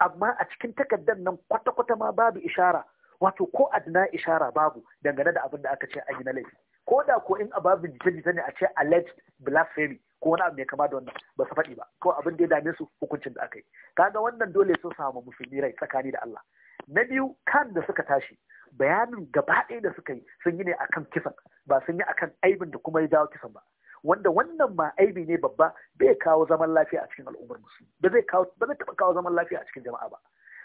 amma a cikin takardar nan kwata-kwata ma babu ishara wato ko adna ishara babu dangane da abin da aka ce a yi na laifi ko da ko in a babu jita-jita ne a ce alleged blasphemy ko wani abu mai kama da wannan ba su faɗi ba ko abin da ya dame su hukuncin da aka yi kaga wannan dole sun samu musulmi rai tsakani da Allah na biyu kan da suka tashi bayanin gaba ɗaya da suka yi sun yi ne akan kisan ba sun yi akan aibin da kuma ya dawo kisan ba wanda wannan ma aibi ne babba bai kawo zaman lafiya a cikin al'ummar musulmi ba zai kawo ba zai taɓa kawo zaman lafiya a cikin jama'a ba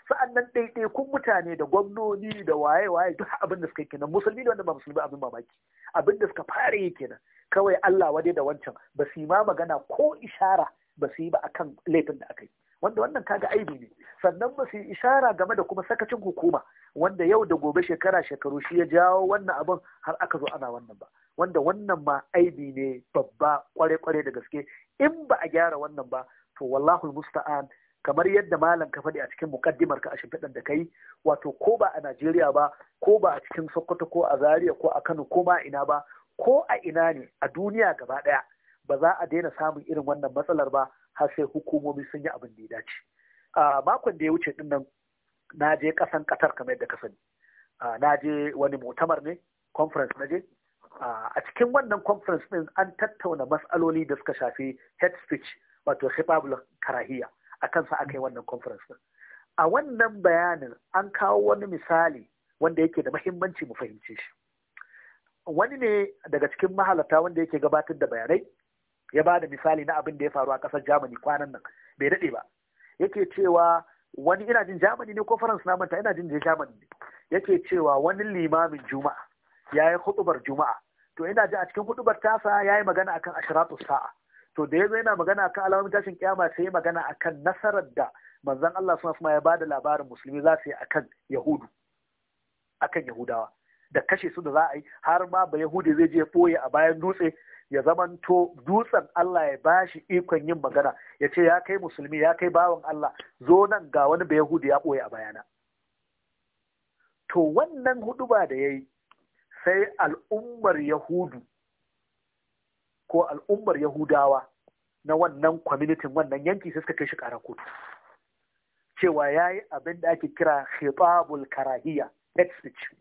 sa'an nan ɗaiɗaikun mutane da gwamnoni da waye-waye duk abin da suka yi kenan musulmi da wanda ba musulmi abin mamaki abin da suka fara yi kenan kawai Allah wade da wancan ba su yi ma magana ko ishara ba su yi ba akan laifin da aka yi wanda wannan kaga aibi ne sannan ba su yi ishara game da kuma sakacin hukuma wanda yau da gobe shekara shekaru shi ya jawo wannan abin har aka zo ana wannan ba wanda wannan ma aibi ne babba kware-kware da gaske in ba a gyara wannan ba to wallahul musta'an kamar yadda malam ka faɗi a cikin mukaddimar ka a shimfiɗan da kai wato ko ba a Najeriya ba ko ba a cikin Sokoto ko a Zaria ko a Kano ko ma ina ba ko a ina ne a duniya gaba ɗaya ba za a daina samun irin wannan matsalar ba har sai hukumomi sun yi abin da ya dace. A makon da ya wuce ɗinnan. na je kasan Qatar kamar yadda ka sani ah, na je wani mutamar ne conference na je ah, a cikin wannan conference din an tattauna matsaloli da suka shafi head speech wato hibabul karahiya a kansa aka yi wannan conference din a wannan bayanin an kawo wani misali wanda yake da mahimmanci mu fahimce shi wani ne daga cikin mahalarta wanda yake gabatar da bayanai ya ba da misali na abin da ya faru a ƙasar Germany kwanan nan bai daɗe ba yake cewa wani ina jin Jamani ne ko faransa na manta ina jin je Jamani ne yake cewa wani limamin Juma'a ya yi hudubar Juma'a to ina ji a cikin hudubar tasa ya yi magana akan ashiratu sa'a to da ya yazo yana magana akan alamomin tashin kiyama sai magana akan nasarar da manzon Allah Suna sun ya ba da labarin musulmi za su yi akan Yahudu akan Yahudawa da kashe su da za a yi har ma ba Yahudi zai je boye a bayan dutse ya zamanto dutsen Allah ya bashi ikon yin magana ya ce ya kai musulmi ya kai bawan Allah zo nan ga wani bai Yahudi ya ɓoye a bayana to wannan huduba da ya yi sai al'ummar Yahudu ko al'ummar Yahudawa na wannan kwamitin wannan yanki sai suka kai shi ƙara kotu cewa ya yi abin da ake kira khitabul karahiya next speech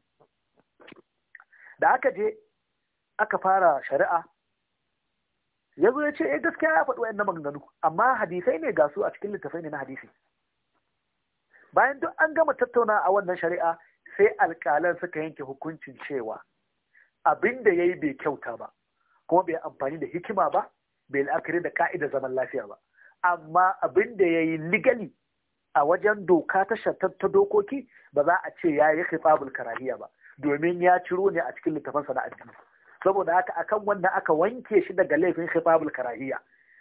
da aka je aka fara shari'a ya zo ya ce eh gaskiya ya faɗi wa'annan maganganu amma hadisai ne ga su a cikin littafai ne na hadisi bayan duk an gama tattauna a wannan shari'a sai alƙalan suka yanke hukuncin cewa abin da ya yi bai kyauta ba kuma bai amfani da hikima ba bai la'akari da ka'idar zaman lafiya ba amma abin da ya yi ligali a wajen doka ta ta dokoki ba za a ce ya yi khifabul karahiya ba domin ya ciro ne a cikin littafansa na addini saboda haka akan wanda aka wanke shi daga laifin khifabul karahiya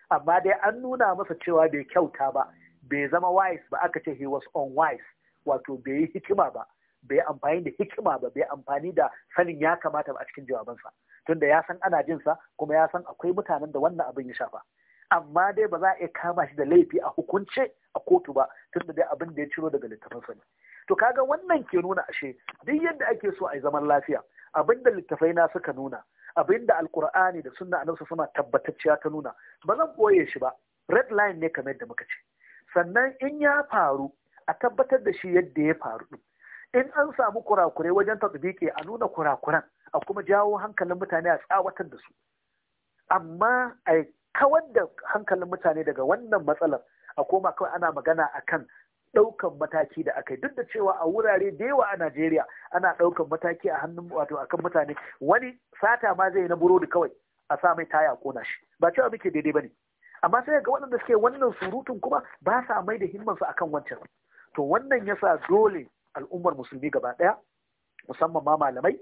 amma dai an nuna masa cewa bai kyauta ba bai zama wise ba aka ce he was unwise wato bai yi hikima ba bai amfani da hikima ba bai amfani da sanin ya kamata ba a cikin jawabansa tunda ya san ana jinsa kuma ya san akwai mutanen da wannan abin ya shafa amma dai ba za a iya kama shi da laifi a hukunce a kotu ba tunda dai abin da ya ciro daga littafansa ne to kaga wannan ke nuna ashe duk yadda ake so a yi zaman lafiya abin da littafai na suka nuna Abin da alkur'ani da sunna annabi suna tabbatacciya ta nuna ba zan boye shi ba red line ne kamar yadda muka ce sannan in ya faru a tabbatar da shi yadda ya faru din in an samu kurakurai wajen tatbiki a nuna kurakuran a kuma jawo hankalin mutane a tsawatar da su amma a kawar da hankalin mutane daga wannan matsalar a koma kawai ana magana akan ɗaukan mataki da aka yi duk da cewa a wurare da yawa a Najeriya ana ɗaukan mataki a hannun wato akan mutane wani sata ma zai na burodi kawai a sa mai taya kona shi ba cewa muke daidai bane amma sai ga waɗanda suke wannan surutun kuma ba sa mai da su akan wancan to wannan yasa dole al'ummar musulmi gaba ɗaya musamman ma malamai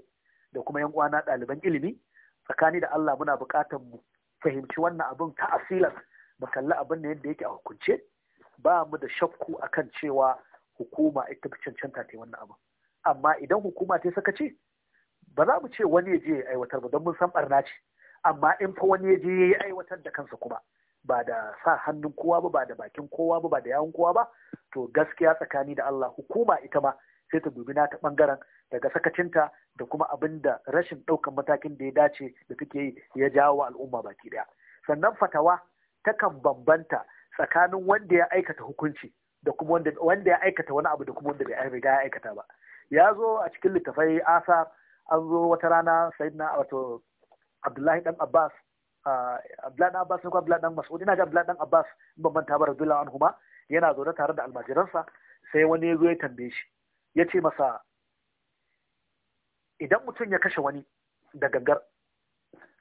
da kuma yan uwana ɗaliban ilimi tsakani da Allah muna buƙatar mu fahimci wannan abin ta asilan mu kalli abin da yadda yake a hukunce ba mu da shakku kan cewa hukuma ita fi cancanta ta wannan abu amma idan hukuma ta saka sakaci ba za mu ce wani ya je ya aiwatar ba don mun san barna ce amma in fa wani ya je ya yi aiwatar da kansa kuma ba da sa hannun kowa ba ba da bakin kowa ba ba da yawun kowa ba to gaskiya tsakani da Allah hukuma ita ma sai ta dubi na ta bangaren daga sakacinta da kuma abin da rashin ɗaukan matakin da ya dace da take yi ya jawo wa al'umma baki ɗaya sannan fatawa takan bambanta tsakanin wanda ya aikata hukunci da kuma wanda ya aikata wani abu da kuma wanda bai riga ya aikata ba ya zo a cikin littafai asa an zo wata rana sayyidina wato abdullahi dan abbas abdullahi dan abbas ko abdullahi dan mas'ud ina ga abdullahi dan abbas ban manta ba radiyallahu anhuma yana zaune tare da almajiransa sai wani ya zo ya tambaye shi ya ce masa idan mutum ya kashe wani da gangar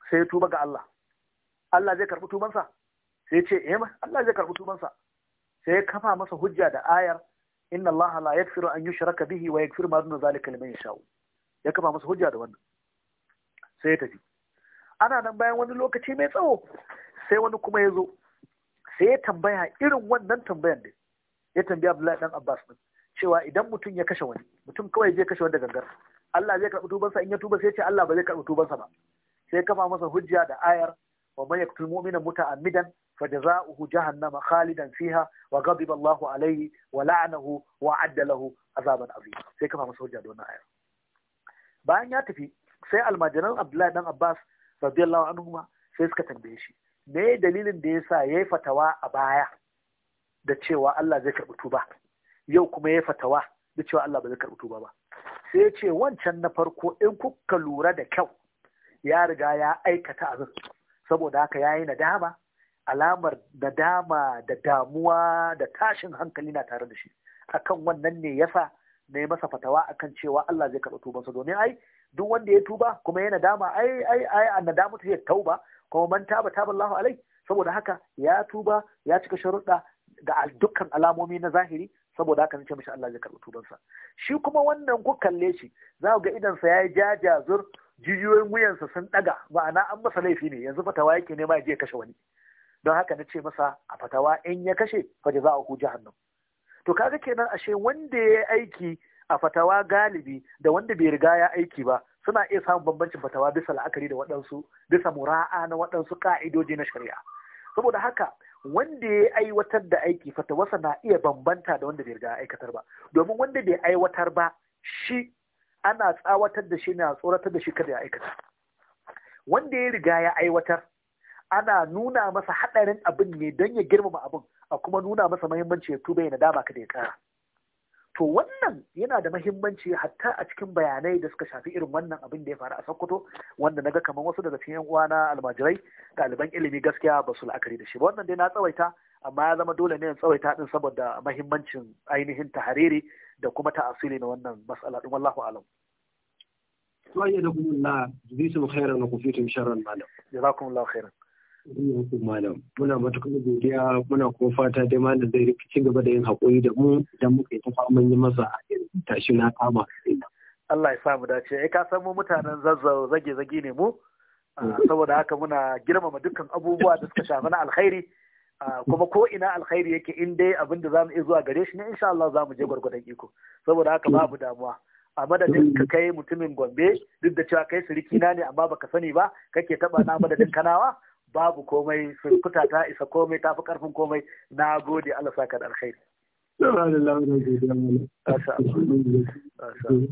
sai ya tuba ga Allah Allah zai karɓi tubansa sai ce eh Allah zai karɓi tubansa sai ya kafa masa hujja da ayar inna Allah la yaghfiru an yushraka bihi wa yaghfiru ma dun zalika liman yasha ya kafa masa hujja da wannan sai ya tafi ana nan bayan wani lokaci mai tsawo sai wani kuma ya zo sai ya tambaya irin wannan tambayan da ya tambaya Abdullahi dan Abbas din cewa idan mutum ya kashe wani mutum kawai zai kashe wanda gangar Allah zai karɓi tubansa in ya tuba sai ce Allah ba zai karɓi tubansa ba sai ya kafa masa hujja da ayar wa man yaktul mu'mina muta'ammidan فجزاؤه جهنم خالدا فيها وغضب الله عليه ولعنه وعد له azaban azima sai kafa masa hujja da wannan ayar bayan ya tafi sai almajiran abdullahi dan abbas radiyallahu anhu sai suka tambaye shi me dalilin da yasa yayi fatawa a baya da cewa Allah zai karbi tuba yau kuma yayi fatawa da cewa Allah ba zai karbi tuba ba sai ya ce wancan na farko in kuka lura da kyau ya riga ya aikata abin saboda haka yayi nadama alamar da dama da damuwa da tashin hankali na tare da shi akan wannan ne yasa na yi masa fatawa akan cewa Allah zai karɓi tubansa domin ai duk wanda ya tuba kuma yana dama ai ai ai an mutu ta tauba kuma man taba taba Allahu alai saboda haka ya tuba ya cika sharuɗa da dukkan alamomi na zahiri saboda haka nace masa Allah zai karɓi tubansa shi kuma wannan ku kalle shi za ku ga idan sa yayi jajazur jijiyoyin wuyansa sun ɗaga ma'ana an masa laifi ne yanzu fatawa yake nema ya je kashe wani don haka na ce masa a fatawa in ya kashe fa kuji hannu. to kaga kenan ashe wanda ya aiki a fatawa galibi da wanda bai riga ya aiki ba suna iya samun bambancin fatawa bisa la'akari da waɗansu bisa mura'a na waɗansu ka'idoji na shari'a saboda haka wanda ya aiwatar da aiki fatawarsa na iya bambanta da wanda bai riga aikatar ba domin wanda bai aiwatar ba shi ana tsawatar da shi na tsoratar da shi kada ya aikata wanda ya riga ya aiwatar ana nuna masa haɗarin abin ne don ya girmama abin a kuma nuna masa mahimmanci ya tuba yana dama ka da ya kara to wannan yana da mahimmanci hatta a cikin bayanai da suka shafi irin wannan abin da ya faru a Sokoto wanda naga kamar wasu daga cikin uwa na almajirai ɗaliban ilimi gaskiya ba su la'akari da shi ba wannan dai na tsawaita amma ya zama dole ne in tsawaita din saboda mahimmancin ainihin tahariri da kuma ta'asili na wannan mas'ala din wallahu alam ويدكم الله جزيتم na وكفيتم شرا معنا malam. الله خيرا malam muna matukar godiya muna kuma fata dai da zai rufe ci gaba da yin haƙuri da mu idan muka yi ta faman yi masa tashi na kama Allah ya sa mu dace ai eh, ka san mu mutanen zazzau zage zage ne mu ah, saboda haka muna girmama dukkan abubuwa da suka shafi na alkhairi ah, kuma ko ina alkhairi yake in dai abin da zamu iya zuwa gare shi ne insha Allah zamu je gurgurdan iko saboda haka babu damuwa a madadin ka kai mutumin Gombe duk da cewa kai siriki ne amma baka sani ba kake taba na madadin Kanawa babu komai firkuta ta isa komai ta fi karfin komai na gode Allah saka da alkhairi Masha Allah.